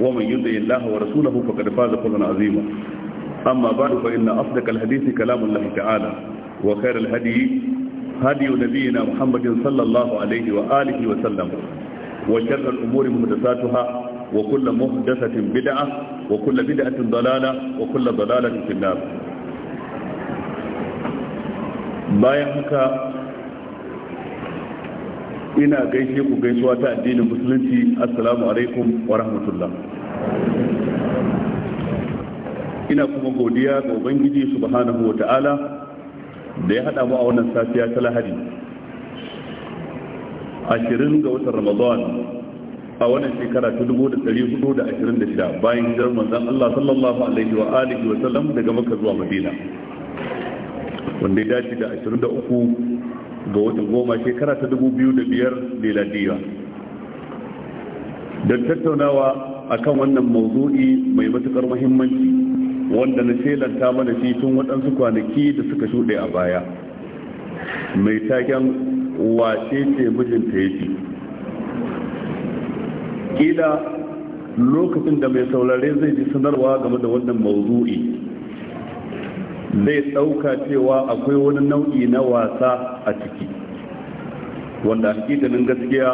ومن يطع الله ورسوله فقد فاز فوزا عظيما أما بعد فإن أصدق الحديث كلام الله تعالى وخير الهدي هدي نبينا محمد صلى الله عليه وآله وسلم وشر الأمور محدثاتها وكل محدثة بدعة وكل بدعة ضلالة وكل ضلالة في النار bayan haka ina gaishe ku gaisuwa ta addinin musulunci assalamu alaikum wa rahmatullah ina kuma godiya ga ubangiji subhanahu wata'ala da ya hada mu a wannan safiya ta lahadi ashirin ga watan ramadan a wannan shekara ta dubu da hudu da ashirin da shida bayan hijirar manzon allah sallallahu alaihi wa alihi wa sallam daga maka zuwa madina wanda ya dace da ashirin da uku ga watan goma shekara ta dubu biyu da biyar don tattaunawa akan wannan mawzu'i mai matukar muhimmanci wanda na shelanta mana shi tun waɗansu kwanaki da suka shuɗe a baya mai taken wace ce mijinta yake kila lokacin da mai saurare zai ji sanarwa game da wannan mawzu'i zai ɗauka cewa akwai wani nau'i na wasa a ciki wanda hakikanin gaskiya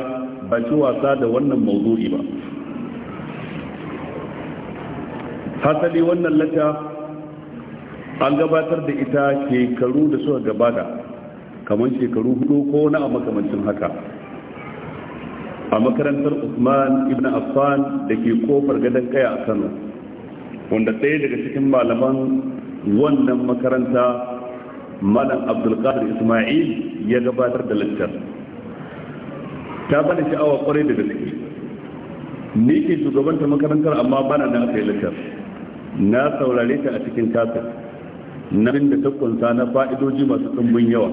ba ci wasa da wannan mawzu'i ba hasali wannan lata an gabatar da ita shekaru da suka gabata kamar shekaru hudu ko na a makamancin haka a makarantar usman ibn affan da ke kofar gadon kaya a kano wanda ɗaya daga cikin malaman wannan makaranta malam abdulkadir ismail ya gabatar da lantar. ta bani sha'awa kwarai da gaske ni ke shugabanta makarantar amma bana na aka yi lantar. na saurare ta a cikin kasar na da ta kunsa na fa'idoji masu ɗumbin yawa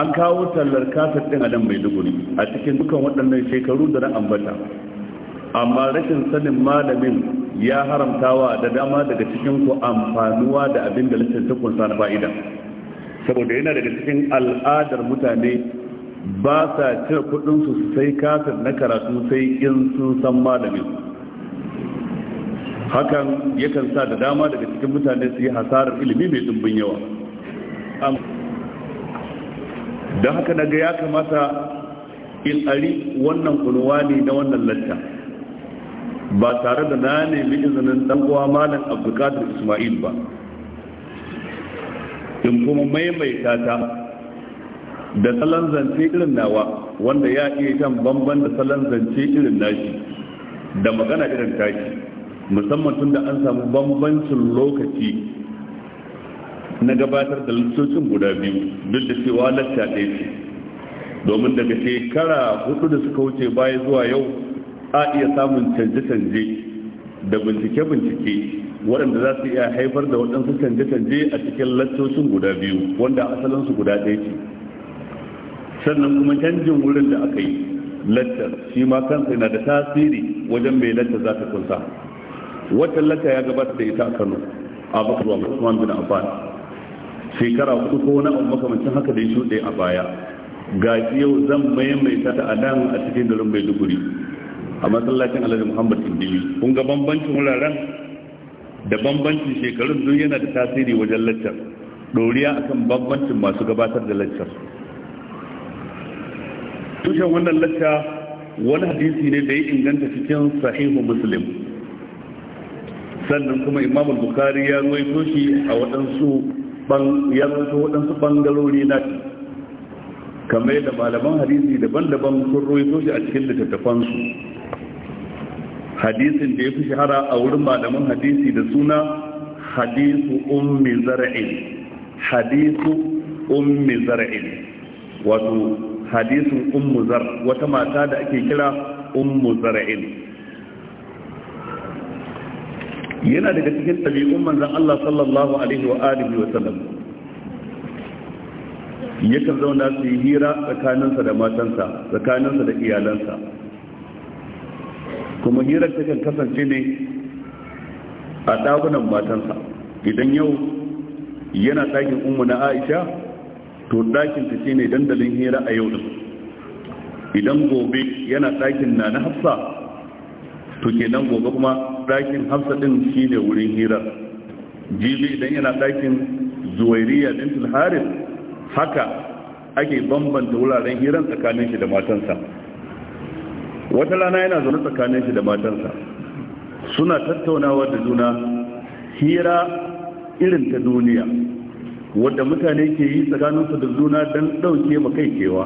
an kawo tallar kasar ɗin Adam mai duguri a cikin dukan waɗannan shekaru da na ambata amma rashin sanin malamin ya haramtawa da dama daga cikin ku amfanuwa da abin da tukun sa na fa'ida saboda yana daga cikin al'adar mutane ba sa cire kudinsu su sai kasar na karatu sai in sun san malamin hakan yakan sa da dama daga cikin mutane su yi hasarar ilimi mai dumbin yawa Da haka na ga ya kamata in ari wannan ne na wannan latta ba tare da na nemi izinin ɗan'uwa malam abdulkadir ismail ba in kuma maimaita ta da salon zance irin nawa wanda ya iya kan bamban da salon zance irin nashi da magana irin tashi musamman tun da an samu bambancin lokaci na gabatar da littocin guda biyu duk da cewa lacca ɗaya ce domin daga shekara hudu da suka wuce baya zuwa yau a iya samun canje-canje da bincike-bincike waɗanda za su iya haifar da waɗansu canje-canje a cikin lattocin guda biyu wanda asalinsu guda ɗaya ce sannan kuma canjin wurin da aka yi lattar shi ma kansa yana da tasiri wajen mai lattar za ta kunsa wata lacca ya gabata da ita a Kano a Bakar Usman bin Affan shekara uku ko wani abu makamancin haka da ya shuɗe a baya ga yau zan maimaita ta a nan a cikin garin Maiduguri a masallacin Alhaji Muhammad Indiyi kun ga bambancin wuraren da bambancin shekarun duk yana da tasiri wajen laccar ɗoriya akan bambancin masu gabatar da laccar tushen wannan lacca wani hadisi ne da ya inganta cikin sahihu muslim sannan kuma imam bukari bukhari ya ruwaito shi a waɗansu ya ruwaito waɗansu bangarori na kamar yadda malaman hadisi daban-daban sun ruwaito shi a cikin littattafansu hadisin da ya fi shahara a wurin malaman hadisi da suna hadisu ummi zara'in hadisu ummi zara'in wato hadisun ummu zar wata mata da ake kira ummu zara'in yana daga cikin ɗabi'un manzan Allah sallallahu alaihi wa alihi wa sallam yakan zauna su yi hira tsakaninsa da matansa tsakaninsa da iyalansa kuma hirar kan kasance ne a ɗakunan matansa idan yau yana ɗakin umu na aisha to ɗakin ta shine dandalin hira a yau din idan gobe yana ɗakin na na hafsa to kenan gobe kuma ɗakin hamsa ɗin shine wurin hirar jibi idan yana ɗakin zuwairiya din haris haka ake bambanta wuraren hirar tsakanin shi da matansa wata rana yana zaune tsakanin shi da matansa suna tattaunawa da juna hira irin ta duniya wadda mutane ke yi tsakaninsu da juna don ɗauke makai kewa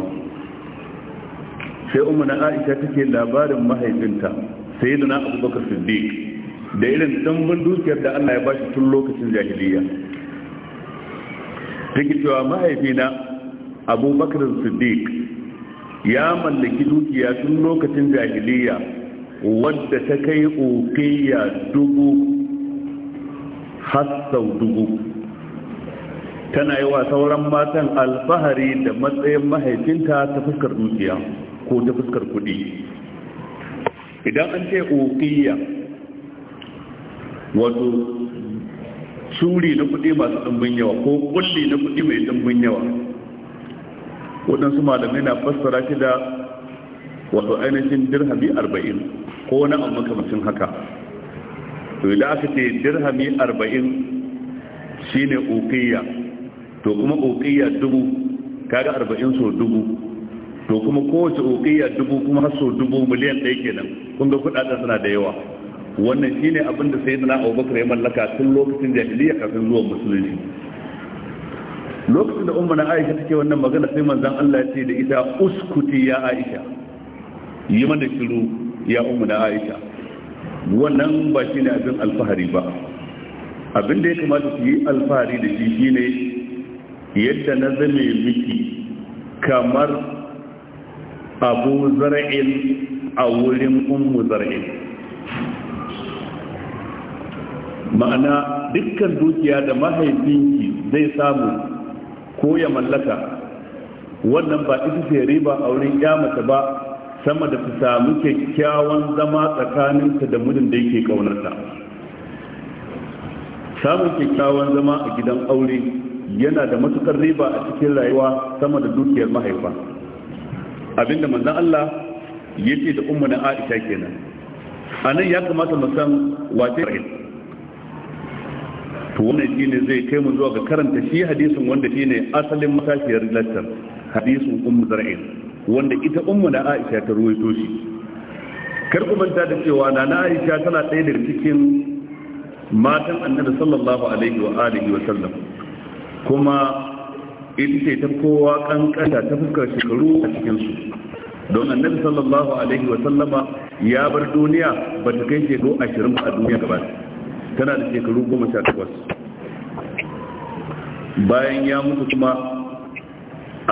sai umarna aisha take labarin mahaifinta sayyidina abubakar siddiq da irin tambar dukiyar da Allah ya bashi tun lokacin jahiliya take cewa mahaifina abubakar siddiq ya mallaki dukiya tun lokacin jahiliya wadda ta kai ukiya dubu hassau dubu tana yi wa sauran matan alfahari da matsayin mahaifinta ta fuskar dukiya ko ta fuskar kuɗi idan an ce ƙoƙiyya wato shuri na kuɗi masu ɗumbin yawa ko kulli na kuɗi mai ɗumbin yawa waɗansu malamai na fassara shi da wato ainihin dirhami arba'in ko na amma makamacin haka to idan aka ce dirhami arba'in shine uqiyya to kuma ƙoƙiyya dubu kaga arba'in so dubu to kuma kowace uqiyya dubu kuma har sau dubu miliyan ɗaya kenan kun ga kuɗaɗen suna da yawa wannan shine abin da Abu Bakar ya mallaka tun lokacin jahiliya kafin zuwan musulunci lokacin da umma na Aisha take wannan magana sai manzon Allah ya ce da ita uskuti ya Aisha yi mana shiru ya umma na Aisha wannan ba shine abin alfahari ba abin da ya kamata ku yi alfahari da shi shine yadda na zame miki kamar abu zar'in a wurin ummu zar'in ma'ana dukkan dukiya da mahaifinki zai samu ko ya mallaka wannan ba ita ce riba a wurin yamata ba sama da ta samu kyakkyawan zama tsakaninka da mudin da yake kaunarta samun kyakkyawan zama a gidan aure yana da matukar riba a cikin rayuwa sama da dukiyar mahaifa abinda manzan Allah ya ce da umarnin Aisha kenan a nan ya kamata mu san wace to wannan shine zai kai mu zuwa ga karanta shi hadisin wanda shine asalin matashiyar lantar hadisin ummu zara'il wanda ita ummu na Aisha ta ruwaito shi kar ku manta da cewa na Aisha tana ɗaya daga cikin matan annabi sallallahu alaihi wa alihi wa sallam kuma ita ta kowa kankanta ta fuskar shekaru a cikinsu don annabi sallallahu alaihi wa sallama ya bar duniya ba ta kai shekaru ashirin a duniya gaba tana da shekaru goma sha takwas bayan ya mutu kuma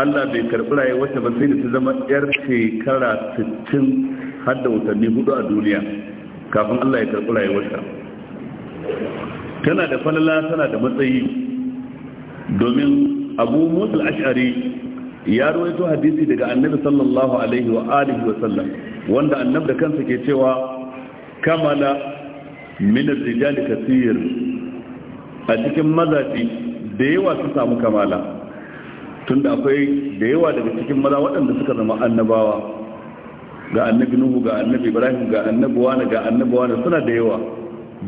allah bai karɓi rayuwarta ba sai da ta zama yar shekara 60 har da watanni hudu a duniya kafin allah ya karɓi rayuwarta tana da falala tana da matsayi domin abu musul ash'ari ya rawaito hadisi daga annabi sallallahu alaihi wa alihi wa sallam wanda annabi da kansa ke cewa kamala min ar-rijal kaseer a cikin mazaji da yawa su samu kamala tunda akwai da yawa daga cikin maza waɗanda suka zama annabawa ga annabi nuhu ga annabi ibrahim ga annabi wani ga annabi wani suna da yawa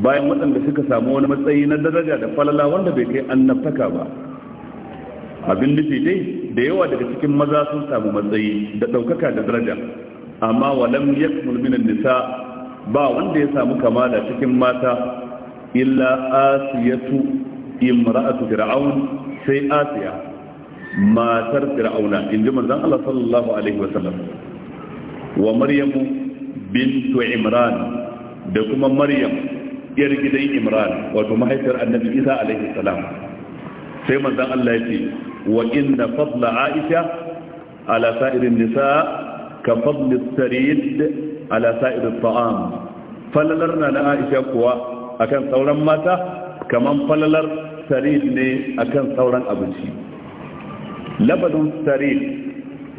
bayan waɗanda suka samu wani matsayi na daraja da falala wanda bai kai annabtaka ba abin nufi dai da yawa daga cikin maza sun samu matsayi da ɗaukaka da daraja amma walam yakmul mulminan nisa ba wanda ya samu kamala cikin mata illa asiyatu imra'atu fir'aun sai asiya matar fir'auna in ji manzon Allah sallallahu alaihi wasallam wa maryam bintu imran da kuma maryam yar gidan imran wato mahaifiyar annabi isa alaihi salam sai manzon Allah ya ce wa inna fadla aisha ala sa'irin nisa ka fadli sarid ala sa'irin falalar na na aisha kuwa akan sauran mata kaman falalar sarid ne akan sauran abinci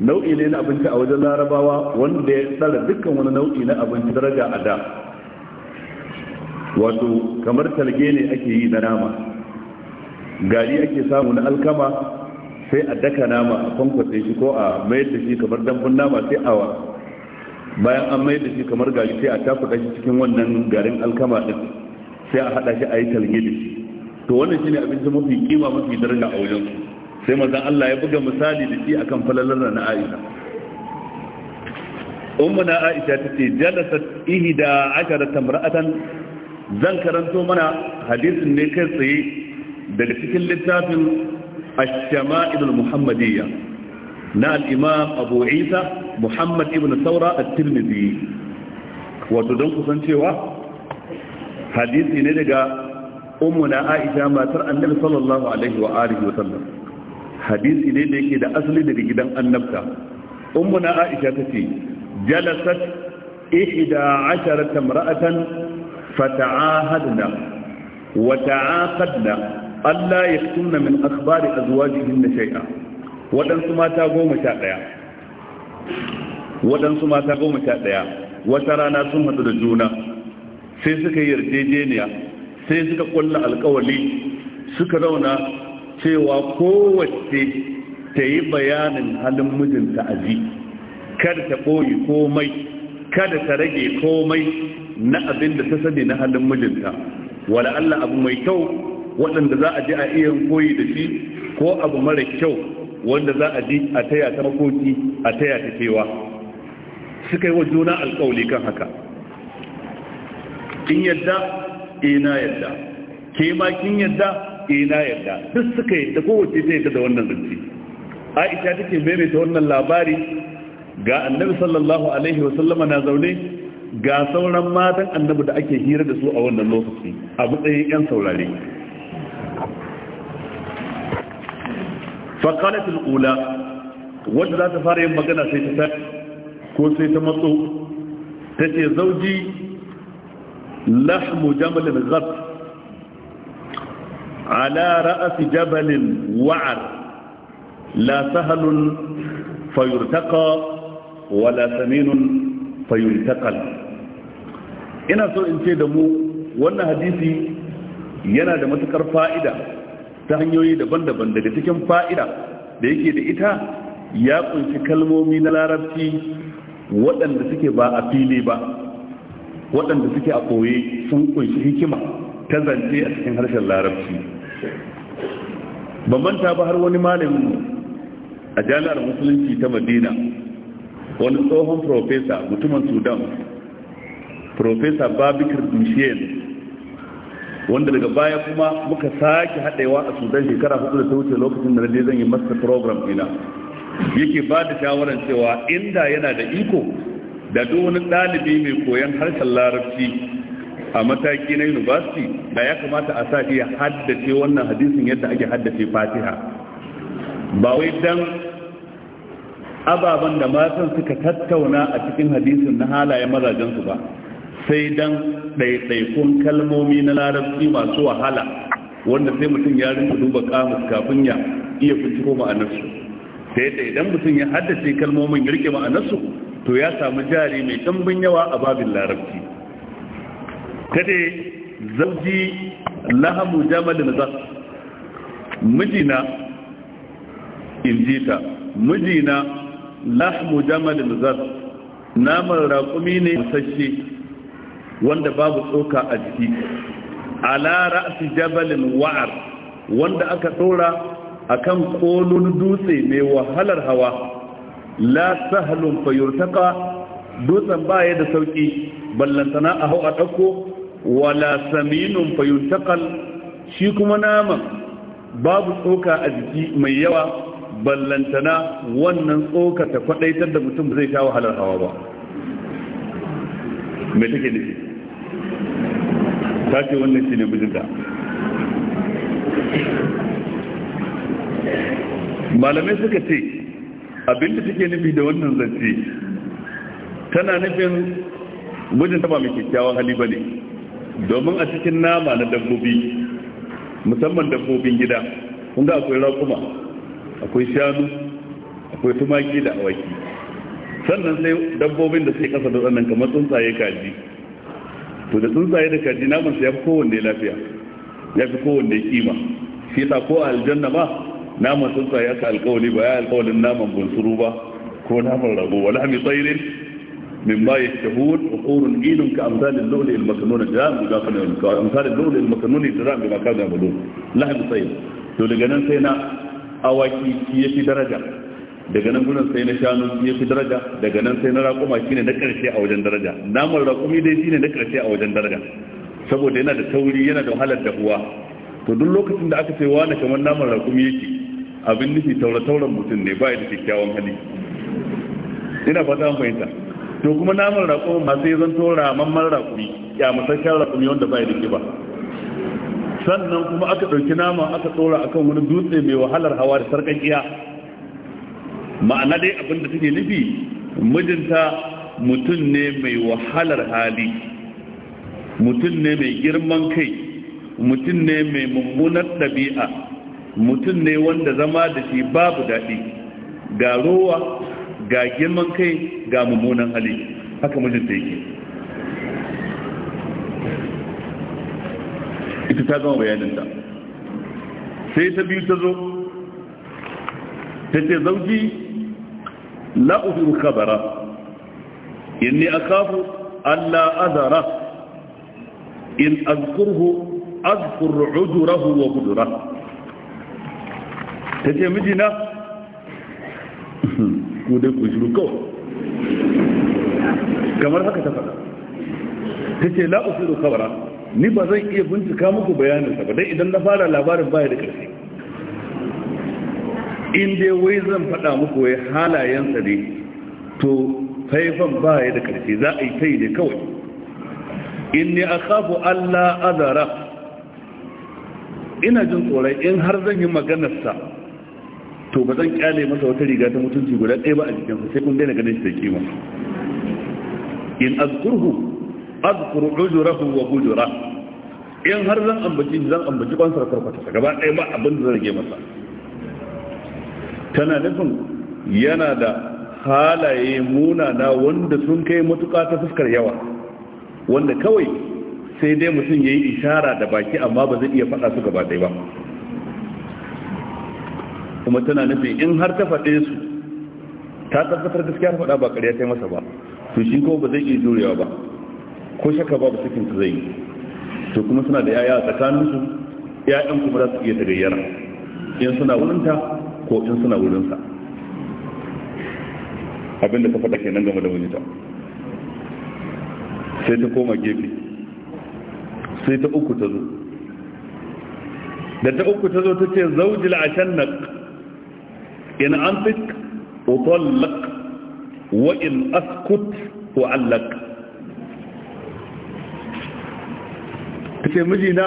nau'i ne na abinci a wajen larabawa wanda ya tsara dukkan wani nau'i na abinci daraja a da wato kamar talge ne ake yi na nama gari ake samu na alkama sai a daka nama a kwankwatse shi ko a mayar da shi kamar dambun nama sai awa. bayan an mayar da shi kamar gari sai a tafi shi cikin wannan garin alkama ɗin sai a haɗa shi a yi talge to wannan shine abinci mafi kima mafi darga a wajen sai manzon Allah ya buga misali da shi akan falalar na Aisha ummu na Aisha ta tace jalasat ihda ashara tamra'atan zan karanto mana hadisin ne kai tsaye daga cikin littafin الشمائل المحمدية نا الإمام أبو عيسى محمد ابن ثورة الترمذي وتدنك سنشيوة حديثي ندقى أمنا عائشة ما ترى النبي صلى الله عليه وآله وسلم حديثي ندقى إذا أصلي ندقى النبتة أمنا عائشة تتي جلست إحدى عشرة امرأة فتعاهدنا وتعاقدنا Allah ya tunna min akhbari azwajihin da shay'a waɗansu mata goma sha ɗaya waɗansu mata goma sha ɗaya wata rana sun haɗu da juna sai suka yi yarjejeniya sai suka ƙulla alƙawali suka zauna cewa kowace ta yi bayanin halin mijinta a ji kada ta ɓoye komai kada ta rage komai na abin da ta sani na halin mijinta wala Allah abu mai kyau waɗanda za a ji a iya koyi da shi ko abu mara kyau wanda za a ji a taya ta makoki a taya ta cewa suka yi wa juna alƙawali kan haka in yadda ina eh, yadda ke ma kin yadda ina eh, yadda duk suka da kowace ta yadda da wannan zance aisha take maimaita wannan labari ga annabi sallallahu alaihi wasallama na zaune ga sauran matan annabi da ake hira da su a wannan lokaci a matsayin 'yan saurare فقالت الأولى وجد ذات فاري مغنى سيتسا كو سيتمطو تتي زوجي لحم جمل غط على رأس جبل وعر لا سهل فيرتقى ولا سمين فينتقل إنا سوء in ce da mu wannan hadisi yana ta hanyoyi daban-daban daga cikin fa'ida da yake da ita ya kunshi kalmomi na larabci waɗanda suke ba a fili ba waɗanda suke a koye sun kunshi hikima ta zance a cikin harshen larabci ban manta ba har wani malamin a jami'ar musulunci ta madina wani tsohon profesa mutumin sudan profesa babikir dushiyar wanda daga baya kuma muka sake haɗewa a sudan shekara hudu da ta wuce lokacin da zan yi master program ina yake ba da shawarar cewa inda yana da iko da duk wani ɗalibi mai koyon harshen larabci a mataki na university da ya kamata a sa ya haddace wannan hadisin yadda ake haddace fatiha ba wai dan ababen da matan suka tattauna a cikin hadisin na halayen mazajensu ba sai dan ɗaiɗaikun kalmomi na larabci masu wahala wanda sai mutum ya rinka duba kamus kafin ya iya binciko ma'anarsu sai yadda idan mutum ya haddace kalmomin ya ma'anarsu to ya samu jari mai tambun yawa a babin larabci kada zauji lahamu jamalin za mijina injita mijina lahamu jamalin za naman raƙumi ne musasshe wanda babu tsoka a jiki ala ra'si jabalin wa'ar wanda aka tsora akan kolon dutse mai wahalar hawa la sahlun fayurtaka dutsen baya da sauki ballantana a hau a ɗauko wala saminun fayuntakal shi kuma naman babu tsoka a jiki mai yawa ballantana wannan tsoka ta kwadaitar da mutum zai sha wahalar hawa ba me take nufi ta ce wannan shi ne malamai suka ce abinda take nufi da wannan zance tana nufin mijinta ba mai kyakkyawan hali ba ne domin a cikin nama na dabbobi musamman dabbobin gida kunga akwai raƙuma akwai shanu akwai tumaki da awaki sannan sai dabbobin da sai kasa da tsannan kamar tsuntsaye kaji to da tsuntsaye da kaji naman sa ya fi kowanne lafiya ya fi kowanne kima shi ta ko aljanna ba, naman tsuntsaye ya ka alkawali ba ya alkawalin naman bunsuru ba ko naman rago wala mi tsairin min ma yashtahun uqurun ginin ka amsalil lawli al maknun jam bi gafan al ka amsalil lawli al maknun jam bi makada bulun lahm to daga nan sai na awaki shi ya fi daraja daga nan gudun sai na shanu ya fi daraja daga nan sai na raƙuma shine na ƙarshe a wajen daraja namar raƙumi dai shine na ƙarshe a wajen daraja saboda yana da tauri yana da wahalar dahuwa to duk lokacin da aka ce wani kamar namar raƙumi yake abin nufi taura-tauran mutum ne ba da kyakkyawan hali ina fata an fahimta to kuma namar raƙumi ma sai zan tora mamman raƙumi ya musasshen raƙumi wanda ba da kiba sannan kuma aka ɗauki nama aka ɗora akan wani dutse mai wahalar hawa da sarƙaƙiya ma'ana dai abin da take nufi mijinta mutum ne mai wahalar hali mutum ne mai girman kai mutum ne mai mummunar ɗabi'a mutum ne wanda zama da shi babu daɗi ga rowa ga girman kai ga mummunan hali haka mijinta yake ita ta gama bayaninta sai ta biyu ta zo ta ce zauji la ufiru khabara inni akhafu alla adhara in azkurhu azkur ujurahu wa qudra tace mijina ku da shiru ko kamar haka ta faɗa tace la ufiru khabara ni ba zan iya bincika muku bayanin sa ba dai idan na fara labarin baya da ƙarfi in dai wai zan faɗa muku wai halayensa ne to faifan ba ya da ƙarfi za a yi ta yi ne kawai in ne a kafu Allah azara ina jin tsoron in har zan yi maganarsa to ba zan kyale masa wata riga ta mutunci guda ɗaya ba a jikinsa sai kun daina ganin shi da kima in azkurhu azkuru ujurahu wa ujura in har zan ambaci zan ambaci kwansar ta gaba ɗaya ba abin da zan rage masa tana nufin yana da halaye munana wanda sun kai matuƙa ta fuskar yawa wanda kawai sai dai mutum ya yi ishara da baki amma ba zai iya faɗa su gaba ɗaya ba kuma tana nufin in har ta faɗe su ta tabbatar gaskiya faɗa ba ƙarya ta masa ba to shi ko ba zai iya jurewa ba ko shaka ba cikin ta zai to kuma suna da yaya a tsakaninsu ya'yan kuma za su iya tagayyara in suna wurinta ko in suna wurinsa abinda ta faɗa kenan game da wani ta sai ta koma gefe sai ta uku ta zo da ta uku ta zo ta ce zaujil a shannak in an fit utallak wa in askut wa allak ta ce mijina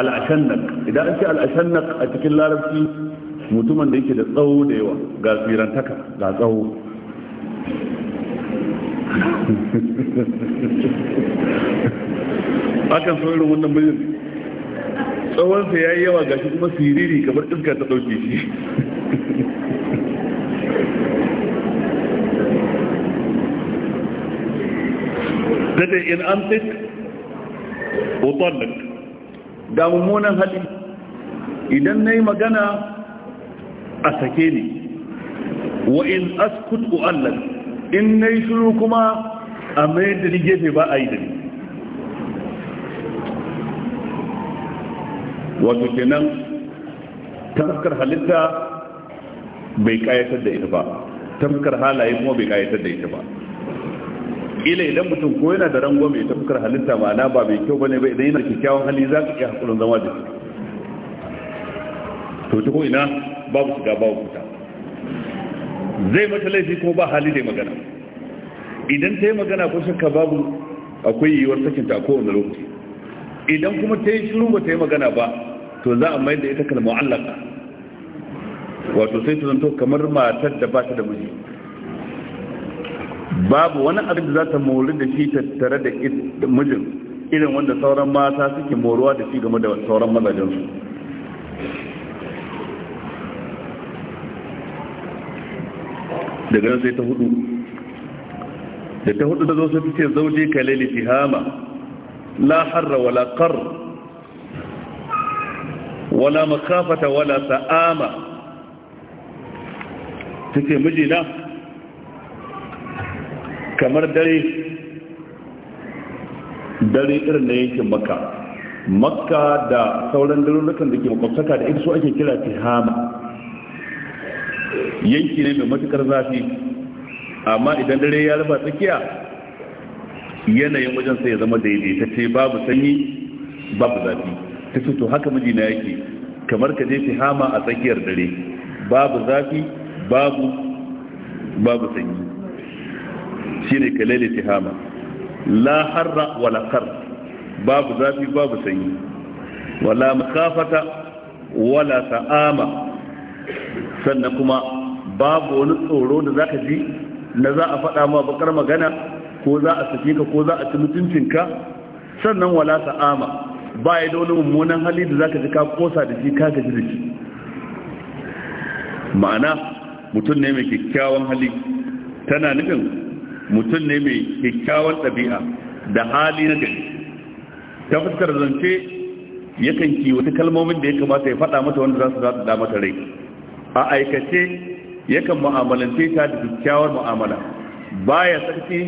al'ashannak idan an ce al'ashannak a cikin larabci mutumin da yake da tsawo da yawa ga tsirantaka ga tsawo akan so irin wannan mijin tsawonsa ya yi yawa ga shi kuma siriri kamar iska ta ɗauke shi zata in an tik utallik da mummunan hali idan na yi magana a sake ni wa in askut u'allan. in na yi shiru kuma a mai da ni gefe ba a yi da ni wato kenan taskar halitta bai kayatar da ita ba taskar halaye kuma bai kayatar da ita ba ila idan mutum ko yana da rangwame ta fuskar halitta ma'ana ba mai kyau bane ba idan yana kyakkyawan hali za ka iya hakurin zama da shi. to ta ko ina babu shiga babu fita zai mata laifi ko ba hali da magana idan ta yi magana ko shakka babu akwai yiwuwar sakinta a kowane lokaci idan kuma ta yi shiru ba ta yi magana ba to za a mai da ita kalmar allaka wato sai ta zanto kamar matar da ba ta da miji babu wani abin da za ta mori da shi tattare da mijin irin wanda sauran mata suke moruwa da shi game da sauran mazajensu daga nan sai ta hudu da ta hudu ta zo sai ce zauje ka laili tihama la harra wala qar wala makafata wala sa'ama take mijina kamar dare dare irin na yankin makka makka da sauran garurukan da ke makwabtaka da ita so ake kira tihama yanki ne mai matukar zafi amma idan dare ya raba tsakiya yanayin wajen sai ya zama ce babu sanyi babu zafi ta ce to haka mijina yake kamar ka je hama a tsakiyar dare babu zafi babu babu sanyi shine kalele hama la harra wala qar babu zafi babu sanyi wala makafata wala ta'ama sannan kuma babu wani tsoro da za ka ji na za a faɗa ma bakar magana ko za a sake ka ko za a ci mutuncinka sannan wala sa'ama ba ya da wani mummunan hali da za ka ji ka kosa da shi ka gaji da shi ma'ana mutum ne mai kyakkyawan hali tana nufin mutum ne mai kyakkyawan ɗabi'a da hali na gari ta fuskar zance yakan kiwata kalmomin da ya kamata ya faɗa mata wanda za su za su da mata rai a aikace yakan mu'amalance ta da kyakkyawar mu'amala baya sarki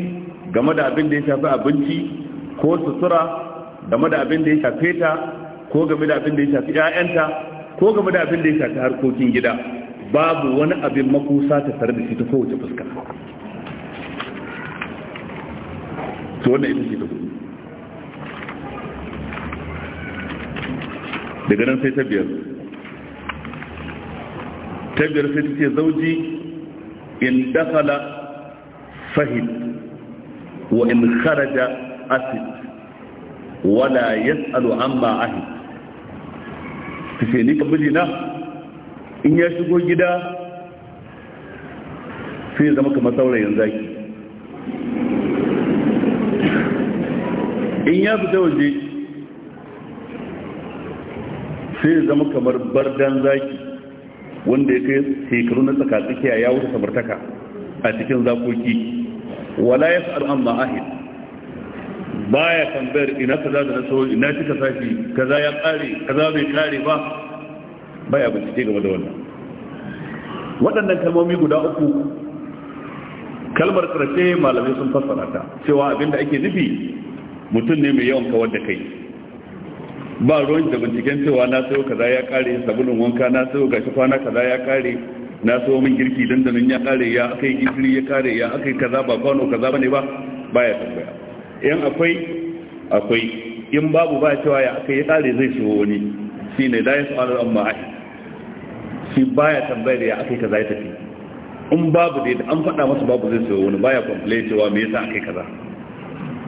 game da abin da ya shafi abinci ko sutura game da abin da ya shafe ta ko game da abin da ya shafi ƴaƴanta ko game da abin da ya shafi harkokin gida babu wani abin makusa ta tare da shi ta kowace fuska to wannan ita ce ta hudu daga nan sai ta biyar ta biyar sai ta ce zauji in dakala fahid wa in kharaja asid wala yas'alu amma ahid ta ce ni ka na? in ya shigo gida sai zama kamar saurayin zaki in ya fita waje sai zama kamar bardan zaki wanda ya kai shekaru na tsaka tsakiya ya wuce samartaka a cikin zakoki wala ya sa'ar amma ahid baya tambayar ina kaza da na so ina cika sashi kaza ya kare kaza bai kare ba Ba ya bincike game da wannan waɗannan kalmomi guda uku kalmar karshe malamai sun fassara ta cewa abinda ake nufi mutum ne mai yawan kawar da kai ba ruwan da binciken cewa na sayo kaza ya kare sabulun wanka na sayo gashi kwana kaza ya kare na sayo min girki dandanin ya kare ya akai gishiri ya kare ya akai kaza ba kwano kaza bane ba baya tambaya in akwai akwai in babu ba cewa ya akai ya kare zai shigo wani shine da ya fara amma ai shi baya tambayar ya akai kaza ya tafi in babu dai an faɗa masa babu zai shigo wani baya complain cewa me yasa akai kaza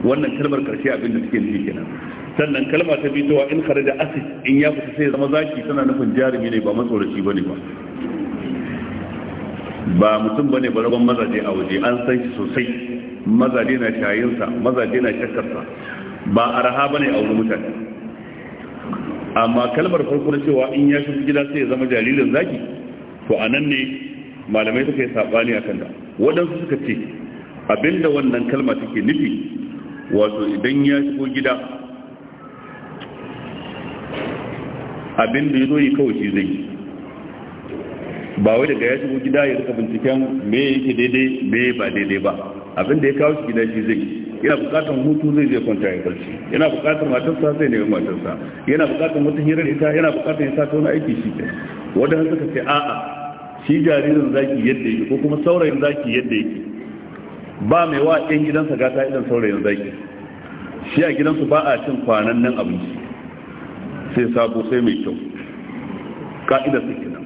wannan kalmar karshe abin da take nufi kenan sannan kalma ta bi towa in kharaja asid in ya fita sai zama zaki tana nufin jarumi ne ba matsoraci bane ba ba mutum bane ba rabon mazaje a waje an san shi sosai mazaje na shayinsa mazaje na shakkarsa ba araha bane a wurin mutane amma kalmar farko da cewa in ya shiga gida sai ya zama jaririn zaki to anan ne malamai suka yi sabani akan da wadansu suka ce abinda wannan kalma take nufi wato idan ya shigo gida abin da ya zo yi kawai shi zai ba wai daga ya shigo gida ya rika binciken me yake daidai me ba daidai ba abin da ya kawo shi gida shi zai yana bukatar hutu zai je kwanta ya barci yana bukatar matarsa zai nemi matarsa yana bukatar wata hirar ita yana bukatar ya sata wani aiki shi ke wanda suka ce a'a shi jaririn zaki yadda yake ko kuma saurayin zaki yadda yake ba mai wa ɗan gidansa gata idan saurayin zaki shi a gidansu ba a cin kwanan nan abinci sai sabo sai mai kyau ka'idar su kenan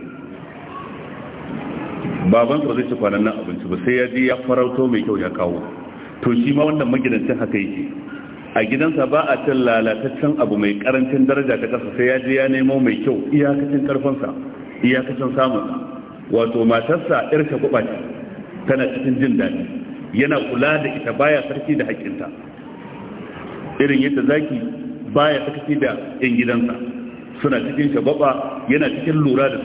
baban ba zai ci kwanan nan abinci ba sai ya je ya farauto mai kyau ya kawo to shi ma wannan magidancin haka yake a gidansa ba a cin lalataccen abu mai karancin daraja ta kasa sai ya je ya nemo mai kyau iyakacin karfansa iyakacin samunsa wato matarsa yar ta ce tana cikin jin daɗi yana kula da ita baya sarki da haƙƙinta irin yadda zaki baya sakaci da yan gidansa suna cikin shababa yana cikin lura da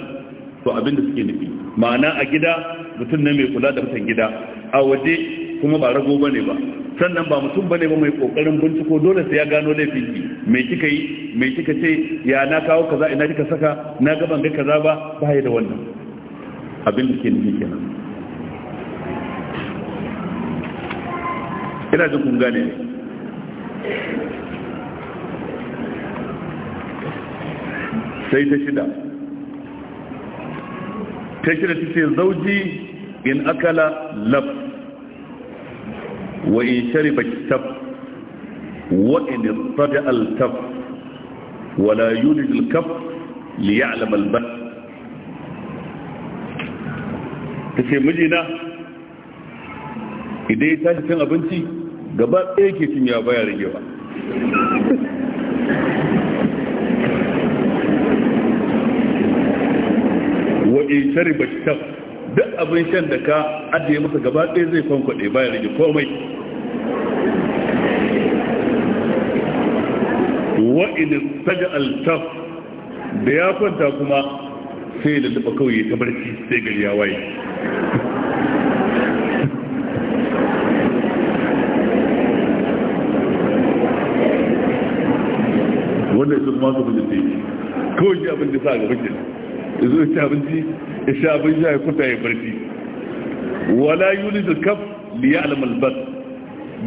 to abin da suke nufi ma'ana a gida mutum ne mai kula da mutan gida a waje kuma ba rago bane ba sannan ba mutum bane ba mai kokarin binciko dole sai ya gano laifin ki me kika yi me kika ce ya na kawo kaza ina kika saka na ga ban ga kaza ba ba da wannan abin da ke nufi kenan ina jin kun gane sai ta shida ta shida ta ce zauji in akala laf wa in shariba kitab wa in irtada al-kaf wa la al-kaf li ya'lam al-bath ta ce mijina idan ya tashi cin abinci gaba ɗaya ke cin ya baya rage ba in shi shaf duk abin shan da ka ajiye masa gaba ɗaya zai kwankwaɗe bayan rage komai wa in saja altaf da ya kwanta kuma sai da dafa kawai ta barci sai gari ya waye wanda ya su masu bujin kawai shi abin da sa ga gaba ya zo ya abinci ya sha abin sha ya kuta ya barci wala yuli da kaf liya almalbas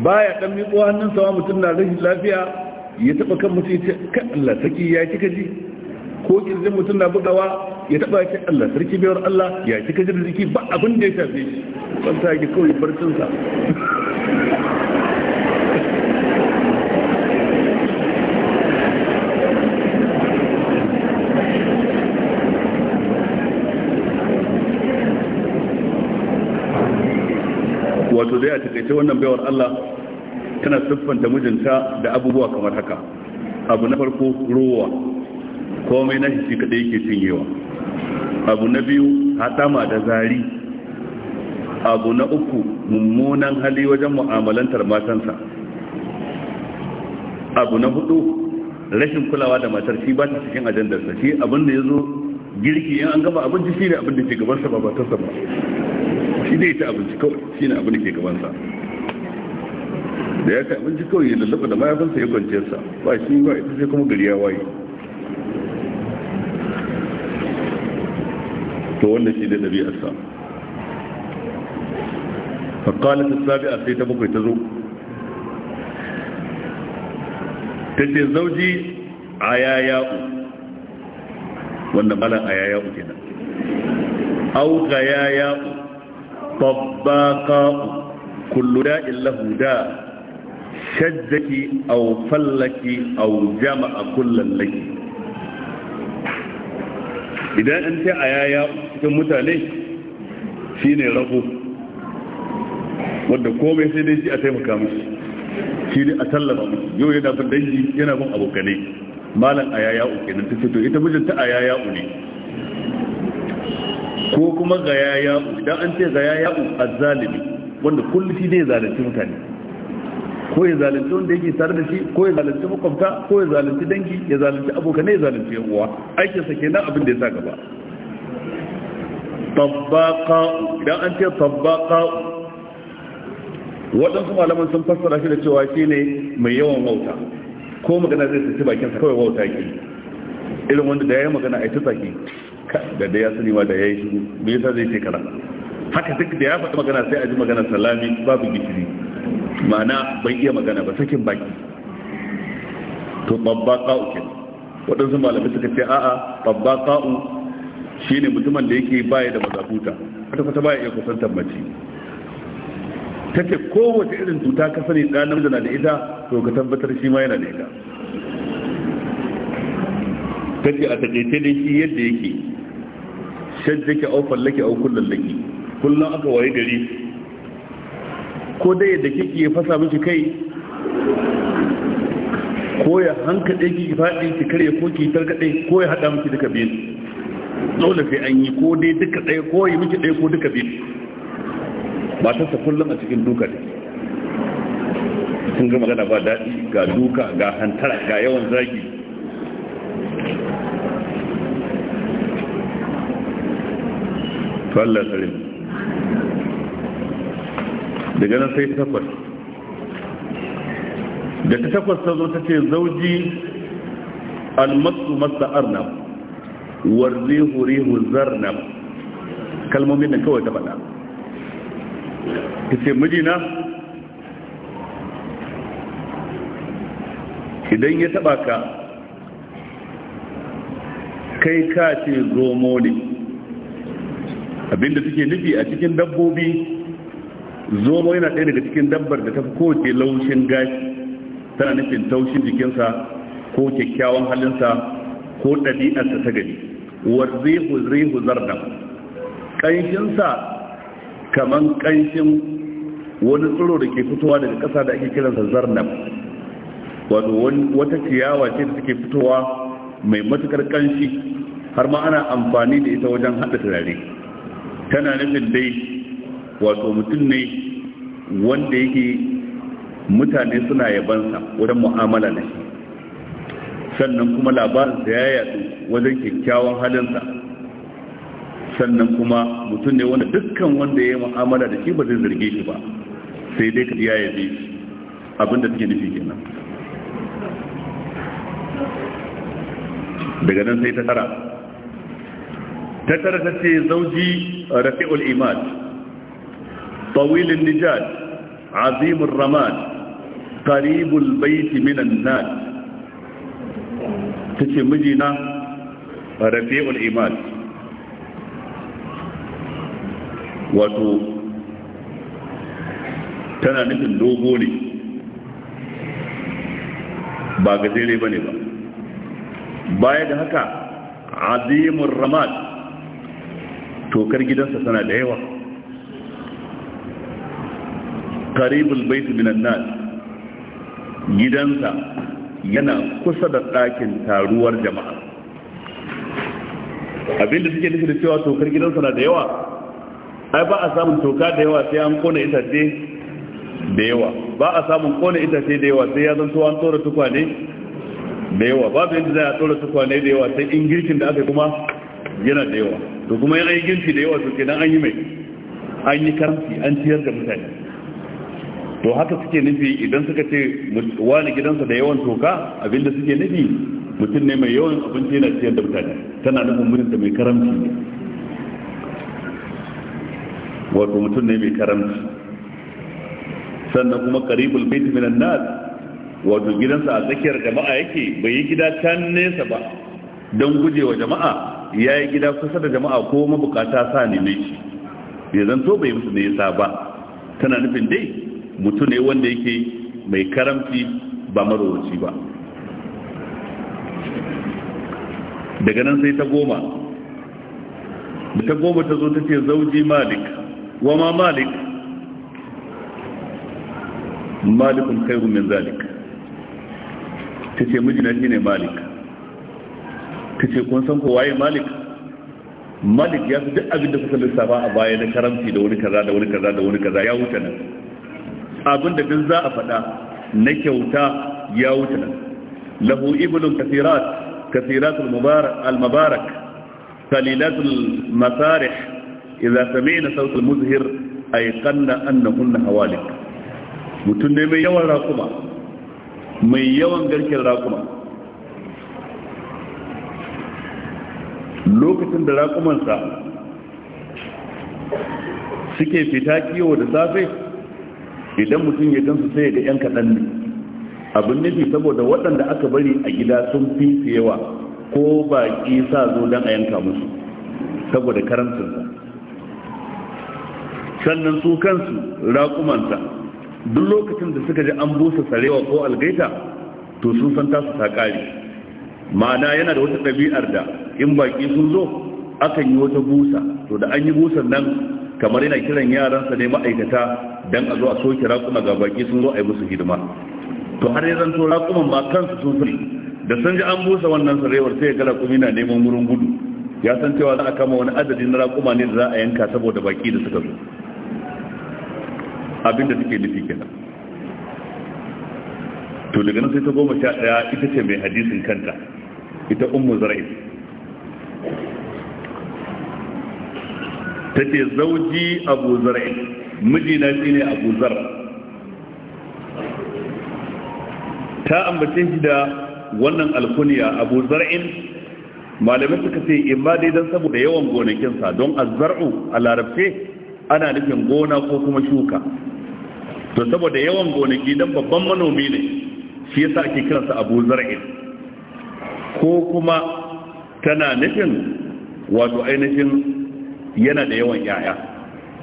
ba ya ɗan miƙo hannun sawa mutum na rashin lafiya ya taɓa kan mutum ya ce kan Allah Sarki ya kika ji ko kirjin mutum na bugawa ya taɓa ya ce Allah sarki biyar Allah ya kika ji da jiki ba abin da ya shafe shi kwanta ya kawai barcinsa wato dai a takaice wannan baiwar Allah tana siffanta mijinta da abubuwa kamar haka abu na farko ruwa komai na shi kadai yake cinyewa abu na biyu hatama da zari abu na uku mummunan hali wajen mu'amalantar matansa abu na hudu rashin kulawa da matar shi ba ta cikin ajandarsa shi abin da ya zo girki yan an gama abinci shi ne abin da ke gabansa ba ba ta sama shi ne ta abinci kawai shi ne abin da ke gabansa da ya ta abinci kawai ya lallaba da mayafinsa ya sa ba shi ba ita sai kuma gari ya waye to wanda shi da ɗabi'arsa sabi a sai ta bakwai ta zo ta ce zauji a yaya'u wanda malar a yaya'u kenan auka yaya'u طباقاء كل داء له داء شجك أو فلك أو جمع كل لك إذا أنت أيايا تموت شيني رفو wadda komai sai dai shi a taimaka mishi shi ne a tallafa mishi yau yana bin dangi yana bin abokanai malam a yaya uke nan ta fito. Ita ita mijinta a yaya ne ko kuma gaya yaya'u idan an ce ga yaya'u azzalimi wanda kullum shi ne zalunci mutane ko ya zalunci wanda yake tare da shi ko ya zalunci makwabta ko ya zalunci dangi ya zalunci ne ya zalunci yan uwa aikin sa kenan abin da ya sa gaba tabbaqa idan an ce tabbaqa waɗansu malaman sun fassara shi da cewa shi ne mai yawan wauta ko magana zai tsaci bakin sa kawai wauta ke irin wanda da ya magana a yi ta tsaki da da ya sani ma da yayi shiru me yasa zai ce kaza haka duk da ya faɗi magana sai a ji magana salami babu gishiri ma'ana bai iya magana ba sakin baki to babba ka'u ke waɗansu malamai suka ce a'a babba ka'u shine mutumin da yake baya da mazakuta kwata kwata baya iya kusantar mace ta ce kowace irin tuta ka sani ɗan namiji na da ita to ka tabbatar shi ma yana da ita ta ce a taƙaice da shi yadda yake shajjake au fallake au laki kullum aka waye gari ko dai da kike fasa miki kai ko ya hanka dai ki fadi ki kare ko ki targade ko ya hada miki duka biyu dole sai an yi ko dai duka dai ko yi miki dai ko duka biyu ba ta kullum a cikin duka dai sun ga magana ba daɗi ga duka ga hantara ga yawan zagi to Allah tsare mu daga nan sai takwas da ta takwas ta zo ta ce zauji almasu masa arnab warzi hurihu zarnab kalmomin nan kawai ta faɗa ta ce mijina idan ya taɓa ka kai ka ce zomo ne abinda suke nufi a cikin dabbobi zomo yana ɗaya daga cikin dabbar da ta fi kowace laushin gashi tana nufin taushin jikinsa ko kyakkyawan halinsa ko ɗabi'arsa ta gari warzihu rihu zardan ƙanshinsa kaman ƙanshin wani tsiro da ke fitowa daga ƙasa da ake kiransa zarnam wato wata ciyawa ce da take fitowa mai matukar ƙanshi har ma ana amfani da ita wajen haɗa turare tana nufin dai wato mutum ne wanda yake mutane suna yabansa wajen mu'amala da shi sannan kuma labarinsa ya yatsu wajen kyakkyawan halinsa sannan kuma mutum ne wanda dukkan wanda ya yi mu'amala da shi ba zai zarge shi ba sai dai ya yabe shi abinda suke nufi kenan daga nan sai ta tara ta tara ta ce zauji rafi'ul iman tawilin nijad azimul ramad qaribul baiti minan nad ta ce mijina rafi'ul iman, wato tana nufin dogo ne ba gajere ba ne ba baya da haka azimun ramad tokar gidansa tana da yawa karibul baitu minan nas gidansa yana kusa da ɗakin taruwar jama'a abinda suke nufi da cewa tokar gidansa na da yawa ai ba a samun toka da yawa sai an kona itace da yawa ba a samun kona itace da yawa sai ya zanto an tsora tukwane da yawa babu yadda za a tsora tukwane da yawa sai in girkin da aka kuma yana da yawa to kuma ya yi girki da yawa to kenan an yi mai an yi karamci an ciyar da mutane to haka suke nufi idan suka ce wani gidansa da yawan toka abinda suke nufi mutum ne mai yawan abinci yana ciyar da mutane tana nufin da mai karamci ne wato mutum ne mai karamci sannan kuma karibul bait minan nas wato gidansa a tsakiyar jama'a yake bai yi gida can nesa ba don gujewa jama'a ya yi gida kusa da jama'a ko mabukata sa neme shi bai zanto bai musu ne ya ba tana nufin dai mutu ne wanda yake mai karamci ba marowaci ba daga nan sai ta goma da ta goma ta zo ta ce zauji malik wa ma malik malikun khairu min zalik ta ce mijina shi ne malik kace kun san ko waye malik malik ya fi duk abin da kuka lissafa a baya na karamci da wuri kaza da wuri kaza da wuri kaza ya wuce nan abin da duk za a faɗa na kyauta ya wuce nan lahu ibulun kathirat kathiratul mubarak al mubarak salilatul masarih idza sami'na sautul muzhir ayqanna annahunna hawalik mutun ne mai yawan raƙuma mai yawan garken raƙuma lokacin da raƙumansa suke fita kiwo da safe idan mutum ya gansu sai ga 'yan kaɗan ne abin nufi saboda waɗanda aka bari a gida sun fi yawa ko baƙi sa zo don a yanka musu saboda karancinsa sannan su kansu raƙumansa duk lokacin da suka ji an busa sarewa ko algaita to sun san tasu ta ƙare ma'ana yana da wata ɗabi'ar da in baƙi sun zo akan yi wata busa to da an yi busan nan kamar yana kiran yaransa ne ma'aikata dan a zo a soke raƙuma ga baƙi sun zo a yi musu hidima to har ya zanto raƙuman ma kansu sun fi da sun ji an busa wannan sarewar sai ya gara kuma na neman wurin gudu ya san cewa za a kama wani adadin raƙuma ne da za a yanka saboda baƙi da suka zo abinda suke nufi kenan to daga nan sai ta goma sha ɗaya ita ce mai hadisin kanta ita ummu zura'i ta zauji abu zura'i mijina na ne abu zar ta ambace shi da wannan alkuniya abu zar'in malamai suka ce imma dai don saboda yawan gonakinsa don azzar'u a larabce ana nufin gona ko kuma shuka to saboda yawan gonaki don babban manomi ne shi yasa ake kiransa abu zar'in ko kuma tana nufin wato ainihin yana da yawan yaya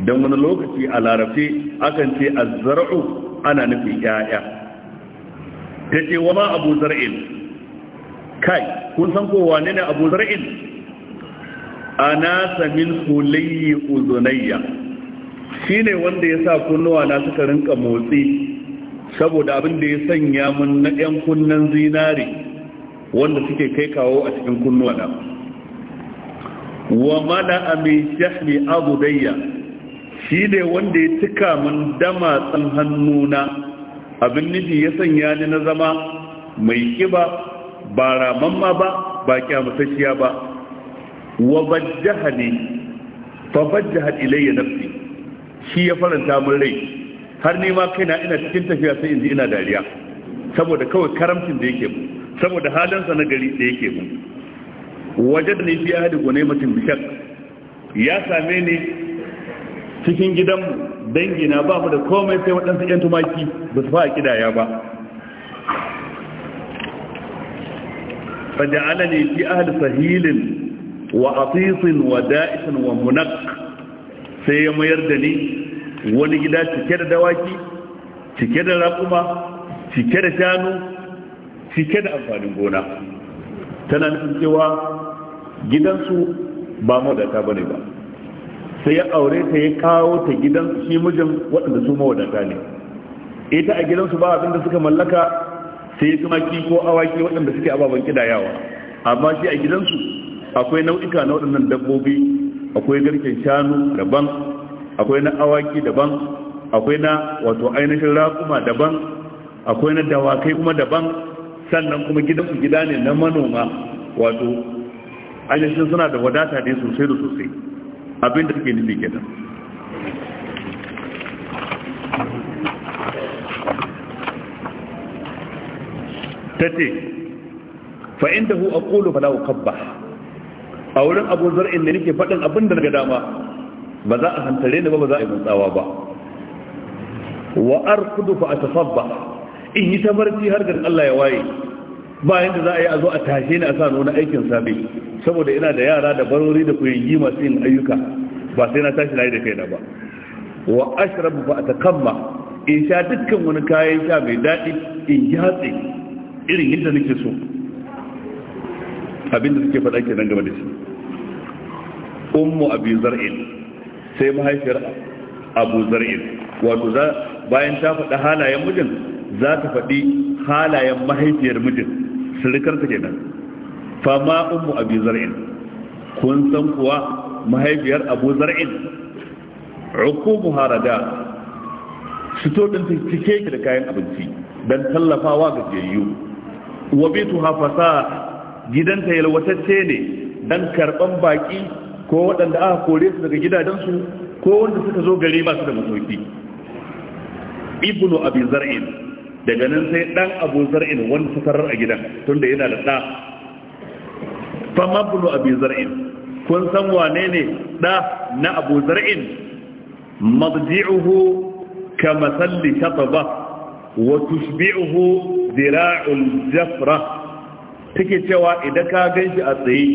don wani lokaci a larabci akan ce a azzar'u ana nufin yaya ta ce wa ma abu zar'in kai kun san kowa ne ne abu zar'in ana samin hulayyi uzunayya shi ne wanda ya sa kunnuwa na suka rinka motsi saboda abin da ya sanya mun na 'yan kunnen zinari wanda suke kai kawo a cikin kunnuwa da wa mala ami shahli abu dayya shi ne wanda ya cika min damatsan hannuna abin nufi ya sanya ni na zama mai kiba ba ma ba ba kyamataciya ba wa bajjaha ne fa bajjaha ilayya nafsi shi ya faranta min rai har ni ma kaina ina cikin tafiya sai in ji ina dariya saboda kawai karamcin da yake mu saboda halinsa na gari da yake mun wajad fi ahadi gune mutum bishak ya same ni cikin dangi na ba mu da komai sai waɗansu ƴan tumaki ba su fa'a kidaya ba faja'ala fi ahli sahilin wa atisin wa da'isin wa sai ya mayar da ni wani gida cike da dawaki cike da raƙuma cike da shanu cike da amfanin gona tana nufin cewa gidansu ba mawadata ne ba sai ya aure ta ya kawo ta gidan shi mijin waɗanda su mawadata ne ita a gidansu ba abinda suka mallaka sai ya kuma ko awaki waɗanda suke ababen kidayawa amma shi a gidansu akwai nau'ika na waɗannan dabbobi akwai garken shanu daban akwai na awaki daban akwai na wato ainihin raƙuma daban akwai na dawakai kuma daban sannan kuma gidan su gida ne na manoma wato ainihin suna da wadata ne sosai da sosai abinda suke nufi kenan ta ce fa inda hu a ƙolo fa lawo kabba a wurin abu zar'in da nake faɗin abin da daga dama ba za a hantare ni ba ba za a yi mutsawa ba wa arkudu fa a tasabba in yi ta barci har da Allah ya waye bayan da za a yi a zo a tashe ni a sa nuna aikin sabi saboda ina da yara da barori da kuyayi masu yin ayyuka ba sai na tashi na yi da kaina ba wa ashrabu fa atakamma in sha dukkan wani kayan sha mai daɗi in yi hatsi irin yadda nake so abinda suke faɗa nan game da shi ummu abi zar'in sai mahaifiyar abu zar'in wato bayan ta faɗa halayen mijin za ta faɗi halayen mahaifiyar mijin surukarta kenan fama ummu abu zar'in kun san kuwa mahaifiyar abu zar'in hukumu harada fito to ɗin cike ki da kayan abinci don tallafawa ga jayyu wa bitu hafasa gidanta yalwatacce ne don karɓan baƙi ko waɗanda aka kore su daga gidajensu ko wanda suka zo gari masu da masauki ibnu abin zar'in daga nan sai dan abu zar'in wani sakarar a gidan tunda yana da ɗa fama abu zar'in kun san wane ne ɗa na abu zar'in mabdi'uhu ka masalli shataba wa tushbi'uhu zira'ul jafra take cewa idan ka ganshi a tsaye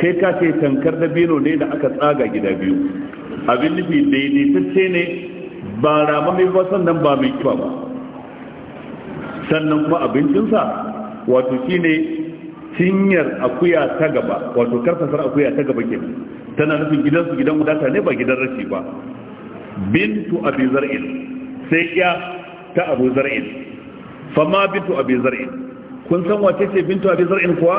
kai ka ce tankar da bino ne da aka tsaga gida biyu abin nufi daidaitacce ne ba ramami ba sannan ba mai kyau. ba sannan kuma abincinsa wato shine cinyar akuya ta gaba wato karfasar akuya ta gaba kenan tana nufin gidansu gidan wadata ne ba gidan rashi ba bintu abi zar'in sai ya ta abu zar'in fama bintu abi zar'in kun san wace ce bintu abi zar'in kuwa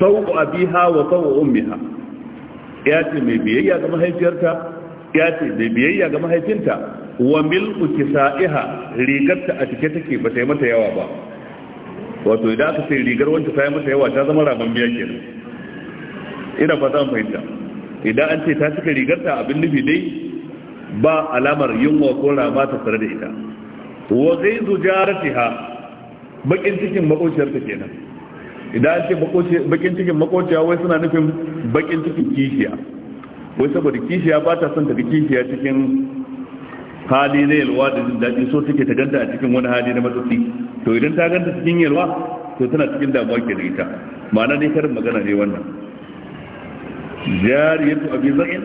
tau abiha wa tau ummiha ya ce mai biyayya ga mahaifiyarta ya ce da biyayya ga mahaifinta wa milku sa'iha rigarta a cike take ba ta yi mata yawa ba wato idan aka ce rigar wanda ta yi mata yawa ta zama rabon biya kenan ina fata an fahimta idan an ce ta cika rigarta abin nufi dai ba alamar yunwa ko rama ta tare da ita wa jarati jaratiha bakin cikin ta kenan idan an ce bakin cikin makociya wai suna nufin bakin cikin kishiya wai saboda kishiya ba ta son ta ga kishiya cikin hali na yalwa da jin daɗi so take ta ganta a cikin wani hali na matsatsi to idan ta ganta cikin yalwa to tana cikin damuwa ke da ita ma'ana ne karin magana ne wannan jariyatu abi zar'in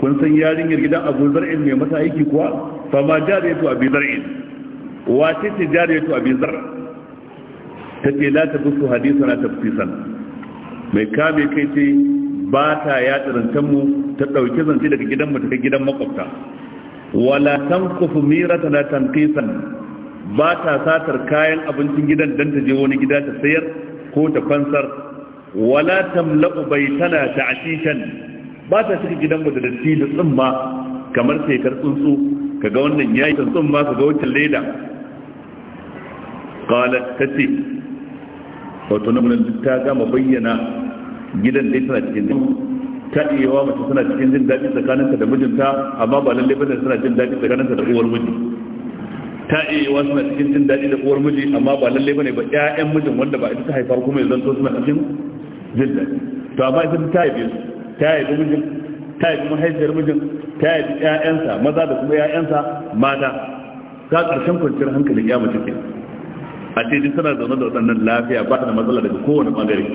kun san yarinyar gidan abu zar'in mai masa aiki kuwa fa ma jariyatu abi zar'in wace ce jariyatu abi zar ta ce la ta busu hadisa na tafsisan mai kame kai ce ba ta yaɗa zancenmu ta ɗauki zance daga gidanmu ta gidan makwabta wala tankufu mirata na tankisan ba ta satar kayan abincin gidan don ta je wani gida ta sayar ko ta fansar wala tamla'u tana ta ashishan ba ta cika gidanmu da datti da tsumma kamar shekar tsuntsu kaga wannan yayi tsumma kaga wancan leda qalat tati wato nan ta gama bayyana gidan dai tana cikin jin ta iya yawa mace tana cikin jin daɗi tsakaninta da mijinta amma ba lalle bane tana jin daɗi tsakaninta da uwar miji ta iya yawa suna cikin jin daɗi da uwar miji amma ba lalle bane ba ƴaƴan mijin wanda ba ita ta haifar kuma yanzu to suna cikin jin daɗi to amma ita ta haife su ta haifi mijin ta haifi mahaifiyar mijin ta haifi ƴaƴansa maza da kuma ƴaƴansa mata ka ƙarshen kwanciyar hankalin ƴa mace ke a ce duk tana zaune da waɗannan lafiya ba ta da matsala daga kowane ɓangare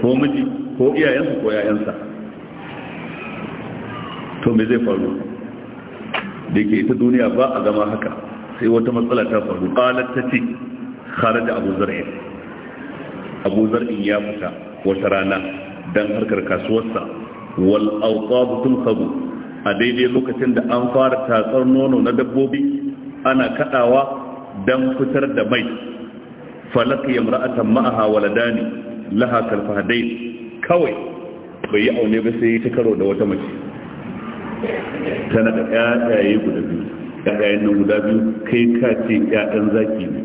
ko miji ko iyayensa ko yayansa to me zai faru da ke ita duniya ba a zama haka sai wata matsala ta faru qalat ta ce abu zar'i abu zar'i ya fita wata rana don harkar kasuwarsa wal awqab tunqabu a daidai lokacin da an fara tatsar nono na dabbobi ana kadawa don fitar da mai falakiyar ra'atan ma'aha waladani laha dai kawai bai yi aune ba sai ta karo da wata mace tana da ƴaƴaye guda biyu ƴaƴayen nan guda biyu kai ka ce ƴaƴan zaki ne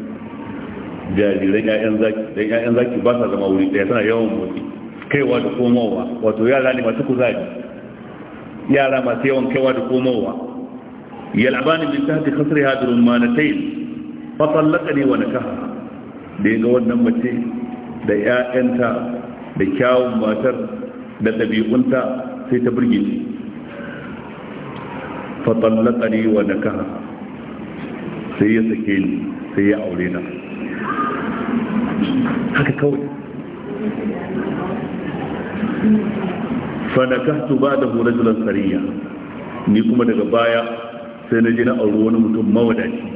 jariran ƴaƴan zaki dan ƴaƴan zaki ba sa zama wuri ɗaya tana yawan motsi kaiwa da komowa wato yara ne masu kuzari yara masu yawan kaiwa da komowa yal'abani min tahti khasriha durmanatayn fa tallaqani wa nakaha da ga wannan mace da 'ya'yanta da kyawun matar da ɗabi'unta sai ta burge shi fatallakani wa kaha sai ya sake ni sai ya aure na haka kawai su ba da rajulan sariya ni kuma daga baya sai na ji na auri wani mutum mawadaci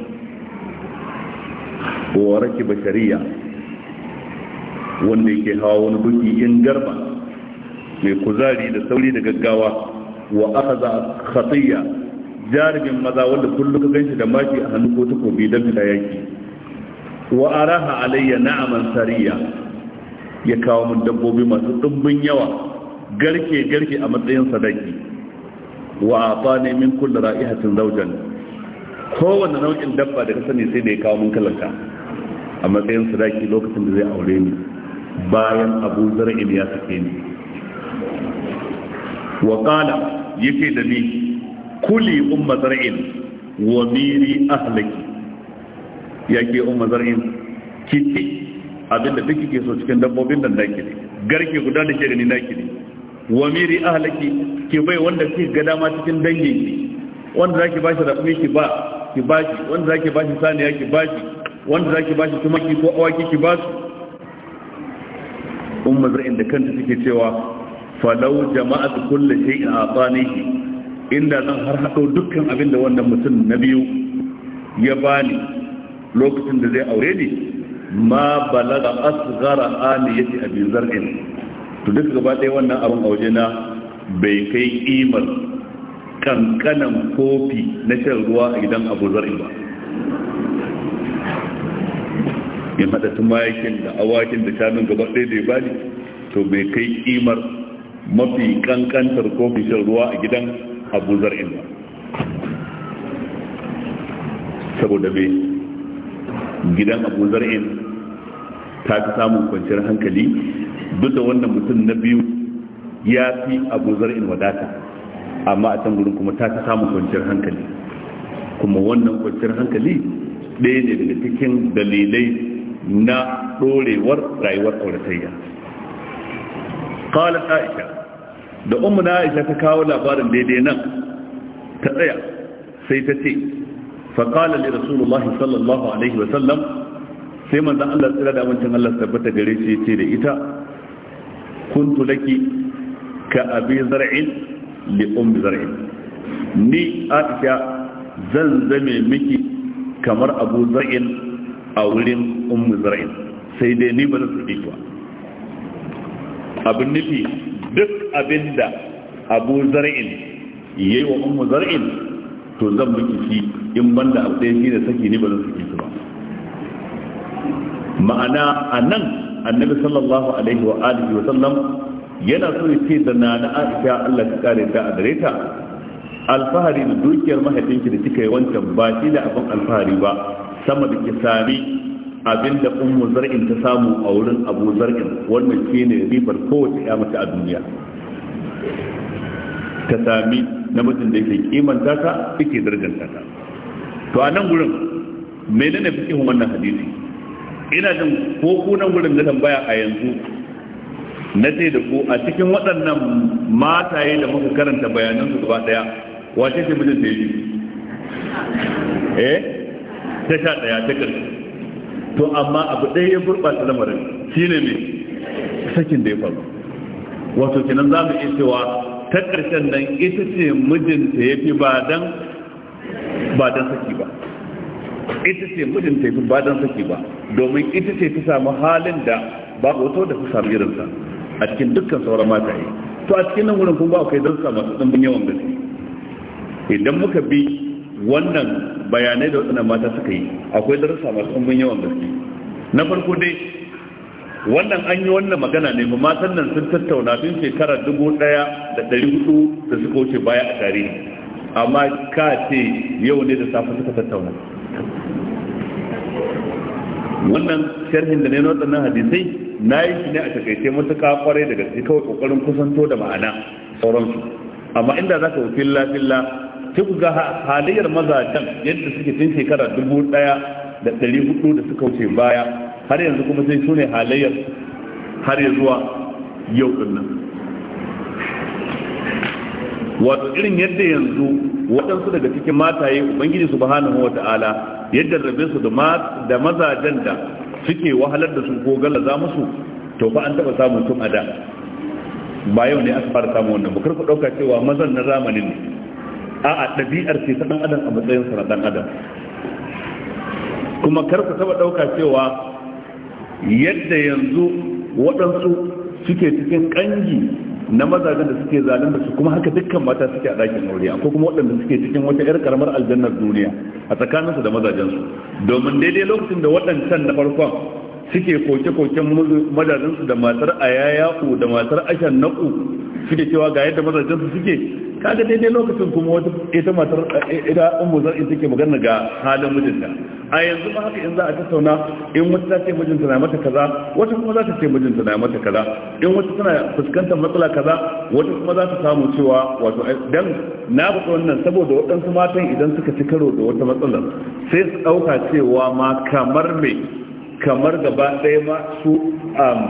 wa ba shari'a wanda yake hawa wani buki in garba mai kuzari da sauri da gaggawa wa a khatiya jarumin maza wanda kullum ka ganshi da maki a hannu ko takobi don fita yaki wa araha alayya na'aman sariya ya kawo min dabbobi masu dumbin yawa garke garke a matsayin sadaki wa atani min kulli ra'ihatin zawjan kowanne nau'in dabba da ka sani sai da ya kawo min kalanta a matsayin sadaki lokacin da zai aure ni bayan abu zar'il ya suke ni wa qala yake da ni kuli umma zar'il wa miri ahlaki ke umma zar'il kitse abinda duk ke so cikin dabbobin da naki ne garke guda da ke gani naki ne wa miri ahlaki ke bai wanda ke ga dama cikin dangin ki wanda za ba bashi rafi ki ba ki bashi wanda za zaki bashi saniya ki bashi wanda za zaki bashi tumaki ko awaki ki basu umma zai da kanta take cewa falau jama'at kulli shay'in atanihi inda zan har hado dukkan abin da wannan mutum na biyu ya bani lokacin da zai aure ni ma balaga asghara yati abi zar'in to duk gaba ɗaya wannan abin auje na bai kai imar kankanan kofi na shan ruwa a gidan abu zar'in ba in haɗa tumakin da awakin da shanun gaba ɗaya da ya bani to bai kai kimar mafi kankantar kofin shan ruwa a gidan abu zar'in ba saboda mai gidan abu zar'in ta ta samun kwanciyar hankali duk da wannan mutum na biyu ya fi abu zar'in wadata amma a can gudun kuma ta ta samun kwanciyar hankali kuma wannan kwanciyar hankali ɗaya ne daga cikin dalilai na ɗorewar rayuwar auratayya qalat aisha da ummu na aisha ta kawo labarin daidai nan ta tsaya sai ta ce fa qala li rasulullah sallallahu alaihi wa sallam sai manzo Allah tsira da wancan Allah tabbata gare shi ce da ita kuntu laki ka abi zar'in li ummi zar'in ni aisha zan zame miki kamar abu zar'in a wurin ummu zar'in sai dai ni ba zan karbe ba abin nufi duk abinda abu zar'in yayi wa ummu zar'in to zan miki shi in banda abu shi da saki ni ba zan saki ba ma'ana anan annabi sallallahu alaihi wa alihi wa sallam yana so ya ce da na na aisha Allah ka kare ta a gare ta alfahari da dukiyar mahaifinki da kika yi wancan ba shi da abin alfahari ba sama da ki sami Abin da ummu zar'in ta samu a wurin abu zar'in wannan ke ne ribar kowace ya mace a duniya ta sami namijin da yake kimanta ta yake darganta ta to a nan gurin menene fikin wannan hadisi ina jin ko ku nan gurin na tambaya a yanzu na ce da ku a cikin waɗannan mataye da muka karanta bayanan su gaba daya wace ce mijin ya yi eh ta sha daya ta karshe to amma abu ɗaya ya gurɓata lamarin shi ne ne, sakin da ya faru wato kenan za mu iya cewa ta ƙarshen nan ita ce mijinta ya fi ba dan ba dan saki ba ita ce mijinta ya fi ba dan saki ba domin ita ce ta samu halin da ba wato da ta samu irinsa a cikin dukkan sauran yi, to a cikin nan wurin kuma ba kai darussa masu ɗan yawan gaske idan muka bi wannan bayanai da waɗannan mata suka yi akwai darussa masu ɗumbin yawan gaske na farko dai wannan an yi wannan magana ne matan nan sun tattauna tun shekara dubu ɗaya da ɗari hudu da suka wuce baya a tarihi amma ka ce yau ne da safe suka tattauna wannan sharhin da ne na waɗannan hadisai na yi shi ne a takaice matuƙa kwarai da gaske kawai ƙoƙarin kusanto da ma'ana sauransu amma inda za ka filla filla sai ku ga halayyar mazajen yadda suke tun shekara dubu ɗaya da ɗari hudu da suka wuce baya har yanzu kuma sai su ne halayyar har ya zuwa yau ɗin nan wato irin yadda yanzu waɗansu daga cikin mataye ubangiji subhanahu wa ta'ala yadda rabe su da mazajen da suke wahalar da su ko za musu to fa an taɓa samun tun a da ba yau ne aka fara samu wannan ba ku ɗauka cewa mazan na zamanin ne a'a ɗabi'ar ce ta ɗan adam a matsayin sa na ɗan adam kuma kar ku taba ɗauka cewa yadda yanzu waɗansu suke cikin kangi na mazajen da suke da su kuma haka dukkan mata suke a ɗakin aure ko kuma waɗanda suke cikin wata 'yar karamar aljannar duniya a tsakaninsu da mazajensu domin daidai lokacin da waɗancan na farkon suke koke-koken madadinsu da matar ayayaku da matar ashen naku suke cewa ga yadda mazajensu suke kaga daidai lokacin kuma wata ita matar ita ummu zar'i take magana ga halin mijinta a yanzu ba haka in za a tattauna in wata ta ce mijinta na mata kaza wata kuma za ta ce mijinta na mata kaza in wata tana fuskantar matsala kaza wata kuma za ta samu cewa wato dan na faɗi wannan saboda waɗansu matan idan suka ci karo da wata matsalar sai su ɗauka cewa ma kamar me kamar gaba ɗaya ma su um,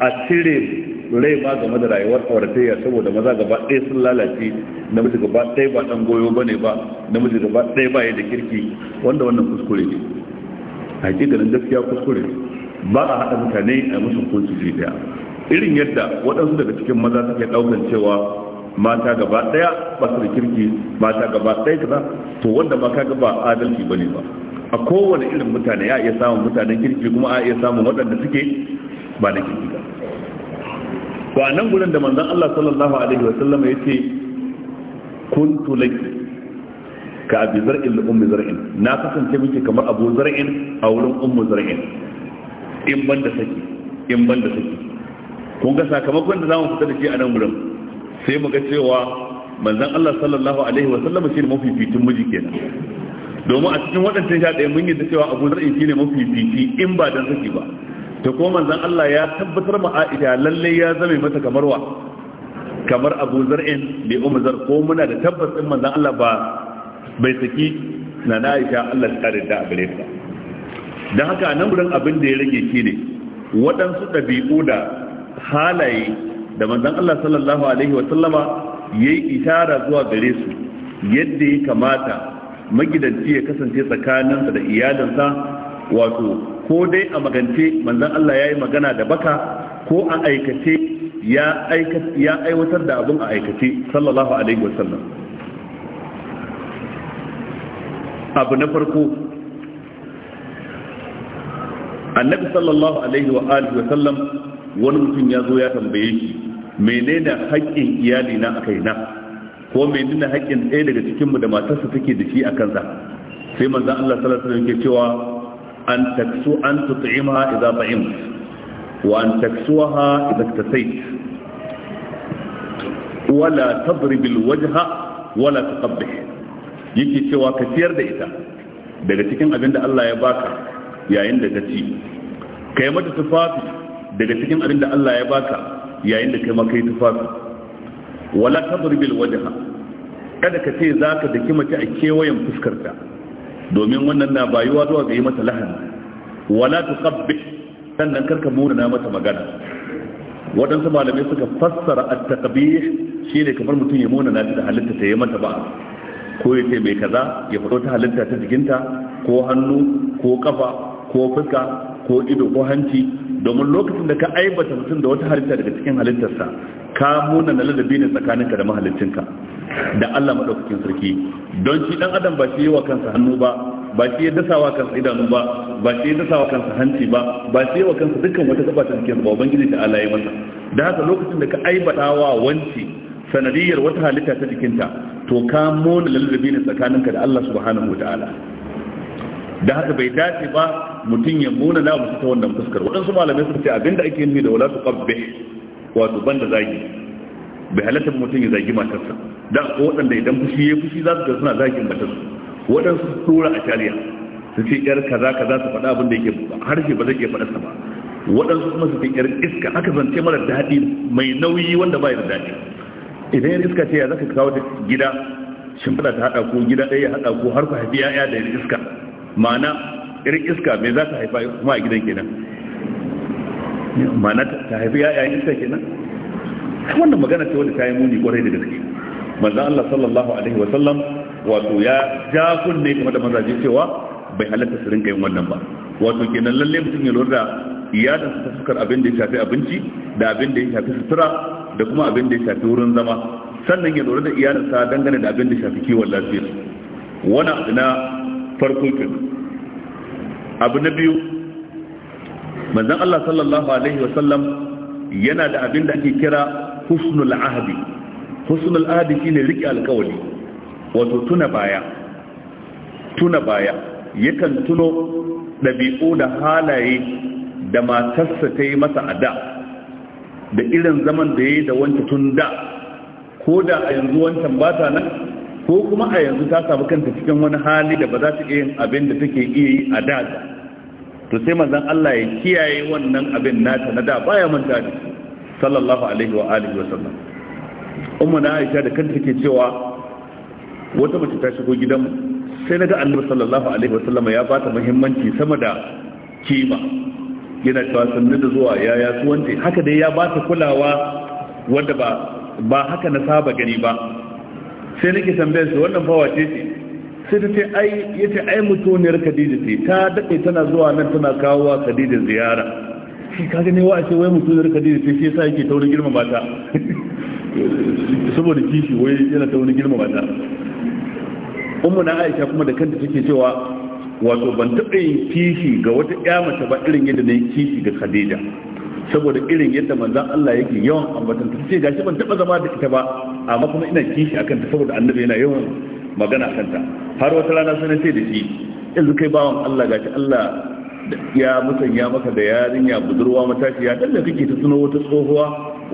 a cire rai ma game da rayuwar auratayya saboda maza gaba ɗaya sun lalace namiji gaba ɗaya ba ɗan goyo ba ne ba namiji gaba ɗaya ba ya da kirki wanda wannan kuskure ne hakikanin gaskiya kuskure ba a haɗa mutane a musu kunci ji ɗaya. irin yadda waɗansu daga cikin maza suke ɗaukan cewa mata gaba ɗaya ba su da kirki mata gaba ɗaya kaza to wanda ma ka gaba adalci ba ne ba a kowane irin mutane ya iya samun mutanen kirki kuma a iya samun waɗanda suke ba na kirki ba to a nan gudun da manzan Allah sallallahu alaihi wa sallama ya ce kun tulaki ka abi zar'in da ummi zar'in na kasance miki kamar abu zar'in a wurin ummu zar'in in ban da saki in ban da saki kun ga sakamakon da zamu fita da shi a nan gudun. sai mu ga cewa manzan Allah sallallahu alaihi wa sallama shi mafificin miji kenan domin a cikin waɗancan sha ɗaya mun yi da cewa abu zar'in shine mafi fifi in ba dan saki ba to ko manzon Allah ya tabbatar ma Aisha lalle ya zame mata kamar wa kamar abu zar'in da umu zar ko muna da tabbas din manzon Allah ba bai saki na Aisha Allah ta da a gare ta dan haka nan gurin abin da ya rage shi ne waɗansu ɗabi'u da halaye da manzon Allah sallallahu alaihi wa sallama yayi isharar zuwa gare su yadda ya kamata magidanci ya kasance tsakaninsa da iyalinsa wato ko dai a magance manzan Allah ya yi magana da baka ko a aikace ya aiwatar da abin a aikace sallallahu alaihi wasallam abu na farko annabi sallallahu alaihi wa alihi wa sallam wani mutum ya zo ya tambaye shi menene haƙƙin iyalina na a kaina ko mai nuna haƙƙin ɗaya daga cikinmu da matarsa take da shi a kansa sai manzon Allah sallallahu alaihi wasallam yake cewa an taksu an tut'imha idza ta'im wa an taksuha idza tasayt wala tadrib alwajha wala taqabbih yake cewa ka ciyar da ita daga cikin abin da Allah ya baka yayin da ka ci kai mata tufafi daga cikin abin da Allah ya baka yayin da kai ma kai tufafi wala tadribil wajha kada ka ce zaka daki mace a kewayen fuskarta domin wannan na bayuwa zuwa ga yi mata lahani wala tuqabbi sannan karka murna mata magana waɗansu malamai suka fassara at-taqbih shine kamar mutum ya murna na da halitta ta yi mata ba ko ya ce mai kaza ya fito ta halitta ta jikinta ko hannu ko kafa ko fuska ko ido ko hanci domin lokacin da ka aibata mutum da wata halitta daga cikin halittarsa ka muna na ladabi ne tsakaninka da mahaliccinka da Allah madaukakin sarki don shi dan adam ba shi yi wa kansa hannu ba ba shi ya dasawa kansa idanu ba ba shi ya dasawa kansa hanci ba ba shi yi wa kansa dukkan wata gaba ta cikin ba ubangiji ta Allah ya masa da haka lokacin da ka aibata wa wanci sanadiyar wata halitta ta jikinta to ka mona ladabi ne tsakaninka da Allah subhanahu wataala da haka bai dace ba mutum ya mona na musu ta wannan fuskar waɗansu malamai suka ce abinda ake nufi da wala tuqabbih wato banda zagi bai halatta mutum ya zagi matarsa da ko waɗanda idan fushi ya fushi za su ga suna zagin matarsa waɗansu tura a tariya su ce yar kaza kaza su faɗa abin da yake harshe ba zai iya faɗa sa ba waɗansu kuma su ce yar iska aka zance mara daɗi mai nauyi wanda ba ya da daɗi idan yar iska ce ya zaka kawo ta gida shimfiɗa ta haɗa ko gida ɗaya ya haɗa ko har ku haifi 'ya'ya da yar iska ma'ana yar iska me za ta haifa kuma a gidan kenan mana ta haifi ya'yan iska kenan wannan magana ce wanda ta yi muni kwarai da gaske manzon Allah sallallahu alaihi wa sallam wato ya ja kunne kuma da mazaje cewa bai halatta su rinka yin wannan ba wato kenan lalle mutum ya lura da iyalin su ta sukar abin da ya shafi abinci da abin da ya shafi sutura da kuma abin da ya shafi wurin zama sannan ya lura da iyalin sa dangane da abin da ya shafi kiwon lafiya wani abu na farko kenan abu na biyu manzan Allah sallallahu alaihi wa sallam yana da abin da ake kira husnul ahdi husnul shi ne rike alkawari wato tuna baya tuna baya yakan tuno dabi'u da halaye da matarsa ta yi masa a da da irin zaman da ya yi da wancan tun da ko da a yanzu wancan ba ta nan ko kuma a yanzu ta samu kanta cikin wani hali da ba za ta iya yin abin da take iya yi a da to sai manzon Allah ya kiyaye wannan abin nata na da baya manta da sallallahu alaihi wa alihi wa sallam umma na Aisha da kanta take cewa wata mace ta shigo gidan sai naga Annabi sallallahu alaihi wa sallam ya bata muhimmanci sama da kima yana cewa sannu da zuwa ya ya tuwanci haka dai ya bata kulawa wanda ba ba haka na saba gani ba sai nake tambayar su wannan fawace ce sai ta ce ai ce ai mutuniyar Khadija ce ta daɗe tana zuwa nan tana kawo wa Khadija ziyara shi ka gane wa ce wai mutuniyar Khadija ce shi yasa yake ta wani girma ta saboda kishi wai yana ta wani girma ta ummu na Aisha kuma da kanta take cewa wato ban taɓa yin kishi ga wata ƴa mace ba irin yadda na yi kishi ga Khadija saboda irin yadda manzan Allah yake yawan ambatan ta ce gashi ban taɓa zama da ita ba amma kuma ina kishi akan ta saboda annabi yana yawan magana kanta har wata rana sun ce da shi yanzu kai bawan Allah gashi Allah ya musanya maka da yarinya budurwa matashiya dan da kake ta tuno wata tsohuwa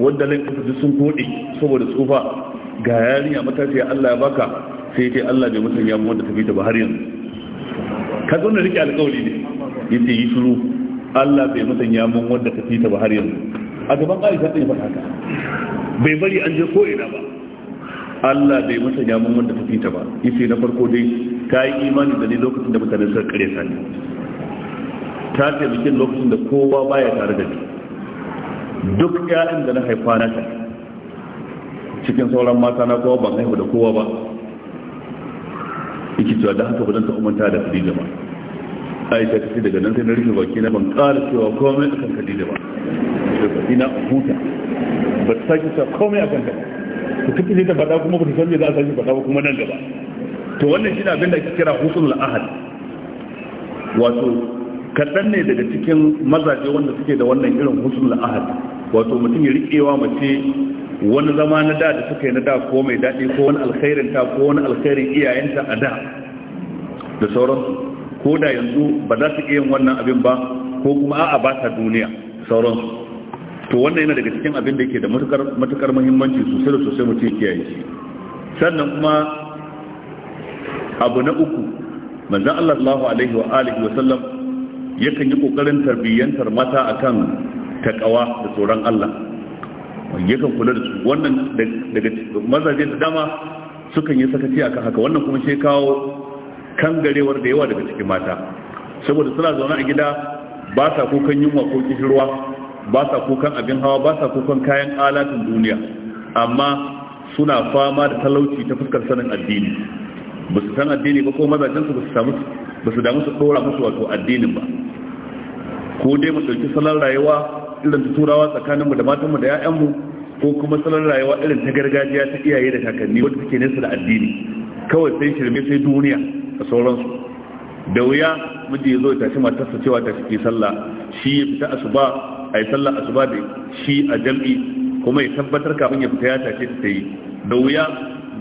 wanda lan kafa sun kodi saboda tsufa ga yarinya ya Allah ya baka sai ce Allah bai musanya mu wanda tafi ta ba har yanzu ka zo na rike alƙawari ne yace yi shiru Allah bai musanya mu wanda tafi ta ba har yanzu a gaban Aisha ta yi haka bai bari an je ko ina ba Allah bai masa gyaman wanda tafi ta ba ife na farko dai ta yi imani da ni lokacin da mutane suka kare ta ne ta taimake lokacin da kowa baya tare da ni duk ƴaƴan da na haifa na ta cikin sauran mata na kowa ban haifa da kowa ba yake cewa da haka ba zan ta umanta da Khadija ba Aisha ta ce daga nan sai na rufe baki na ban ƙara cewa komai akan Khadija ba ina huta ba ta ce komai akan kadi ku kake ne ta faɗa kuma ku san me za a sake faɗa ba kuma nan gaba to wannan shi ne abin da ake kira husnul ahad wato kaɗan ne daga cikin mazaje wanda suke da wannan irin husnul ahad wato mutum ya riƙewa mace wani zama na da da suka yi na da ko mai daɗi ko wani alkhairin ta ko wani alkhairin iyayenta a da da sauransu ko da yanzu ba za su iya yin wannan abin ba ko kuma a'a ba ta duniya sauransu to wannan yana daga cikin abin da ke da matukar muhimmanci sosai da sosai mutum kiyaye shi sannan kuma abu na uku manzan Allah sallallahu alaihi wa alihi wa sallam yakan yi kokarin tarbiyyantar mata akan takawa da tsoron Allah yakan kula da su wannan daga mazaje da dama sukan yi sakaci akan haka wannan kuma shi kawo kangarewar da yawa daga cikin mata saboda suna zaune a gida ba sa kukan yunwa ko kishirwa ba sa kukan abin hawa ba sa kukan kayan alatin duniya amma suna fama da talauci ta fuskar sanin addini ba su san addini ba ko mazajensu ba su samu ba su damu su dora musu wato addinin ba ko dai mu ɗauki salon rayuwa irin ta turawa tsakaninmu da matanmu da 'ya'yanmu ko kuma salon rayuwa irin ta gargajiya ta iyaye da kakanni wadda take nesa da addini kawai sai shirme sai duniya a sauransu da wuya miji ya zo ya tashi matarsa cewa ta fi sallah shi ya fita asuba a yi sallar asuba da shi a jam'i kuma ya tabbatar kafin ya fita ya tace ta yi da wuya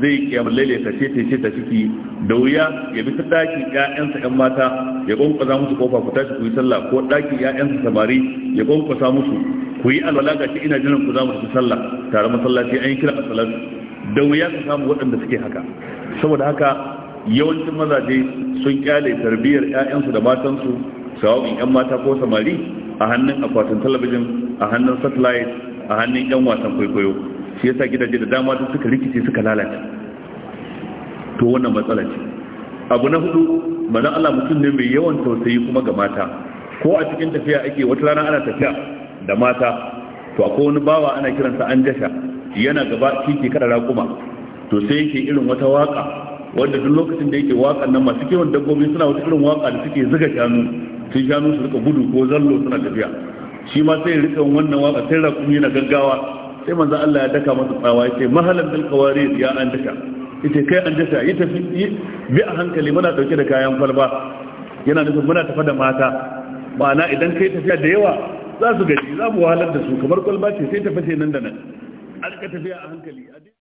zai kiyamar laila ta ce ta ce ta ciki da wuya ya bi ta daki ƴaƴansa ƴan mata ya kwankwasa musu kofa ku tashi ku yi sallah ko daki ƴaƴansa samari ya kwankwasa musu ku yi alwala ga ina jiran ku za mu tafi sallah tare masallaci an yi kira asalat da wuya ka samu waɗanda suke haka saboda haka yawancin mazaje sun kyale tarbiyyar ƴaƴansu da matansu sawabin yan mata ko samari a hannun akwatin talabijin a hannun satellite a hannun yan wasan kwaikwayo shi yasa gidaje da dama duk suka rikice suka lalace to wannan matsala ce abu na hudu manzon Allah mutum ne mai yawan tausayi kuma ga mata ko a cikin tafiya ake wata rana ana tafiya da mata to akwai wani bawa ana kiransa an jasha yana gaba kike kada raƙuma to sai yake irin wata waka wanda duk lokacin da yake wakan nan masu kewan dabbobi suna wata irin waka da suke zuga shanu sai shanu su rika gudu ko zallo suna tafiya shi ma sai rika wannan waka sai rakumi na gaggawa sai manzo Allah ya daka masa tsawa yace mahalan bil qawarid ya an daka yace kai an daka yi tafi bi a hankali muna dauke da kayan falba yana nufin muna tafi da mata ma'ana idan kai tafiya da yawa za su gaji za mu wahalar da su kamar kwalba ce sai tafi sai nan da nan an tafiya a hankali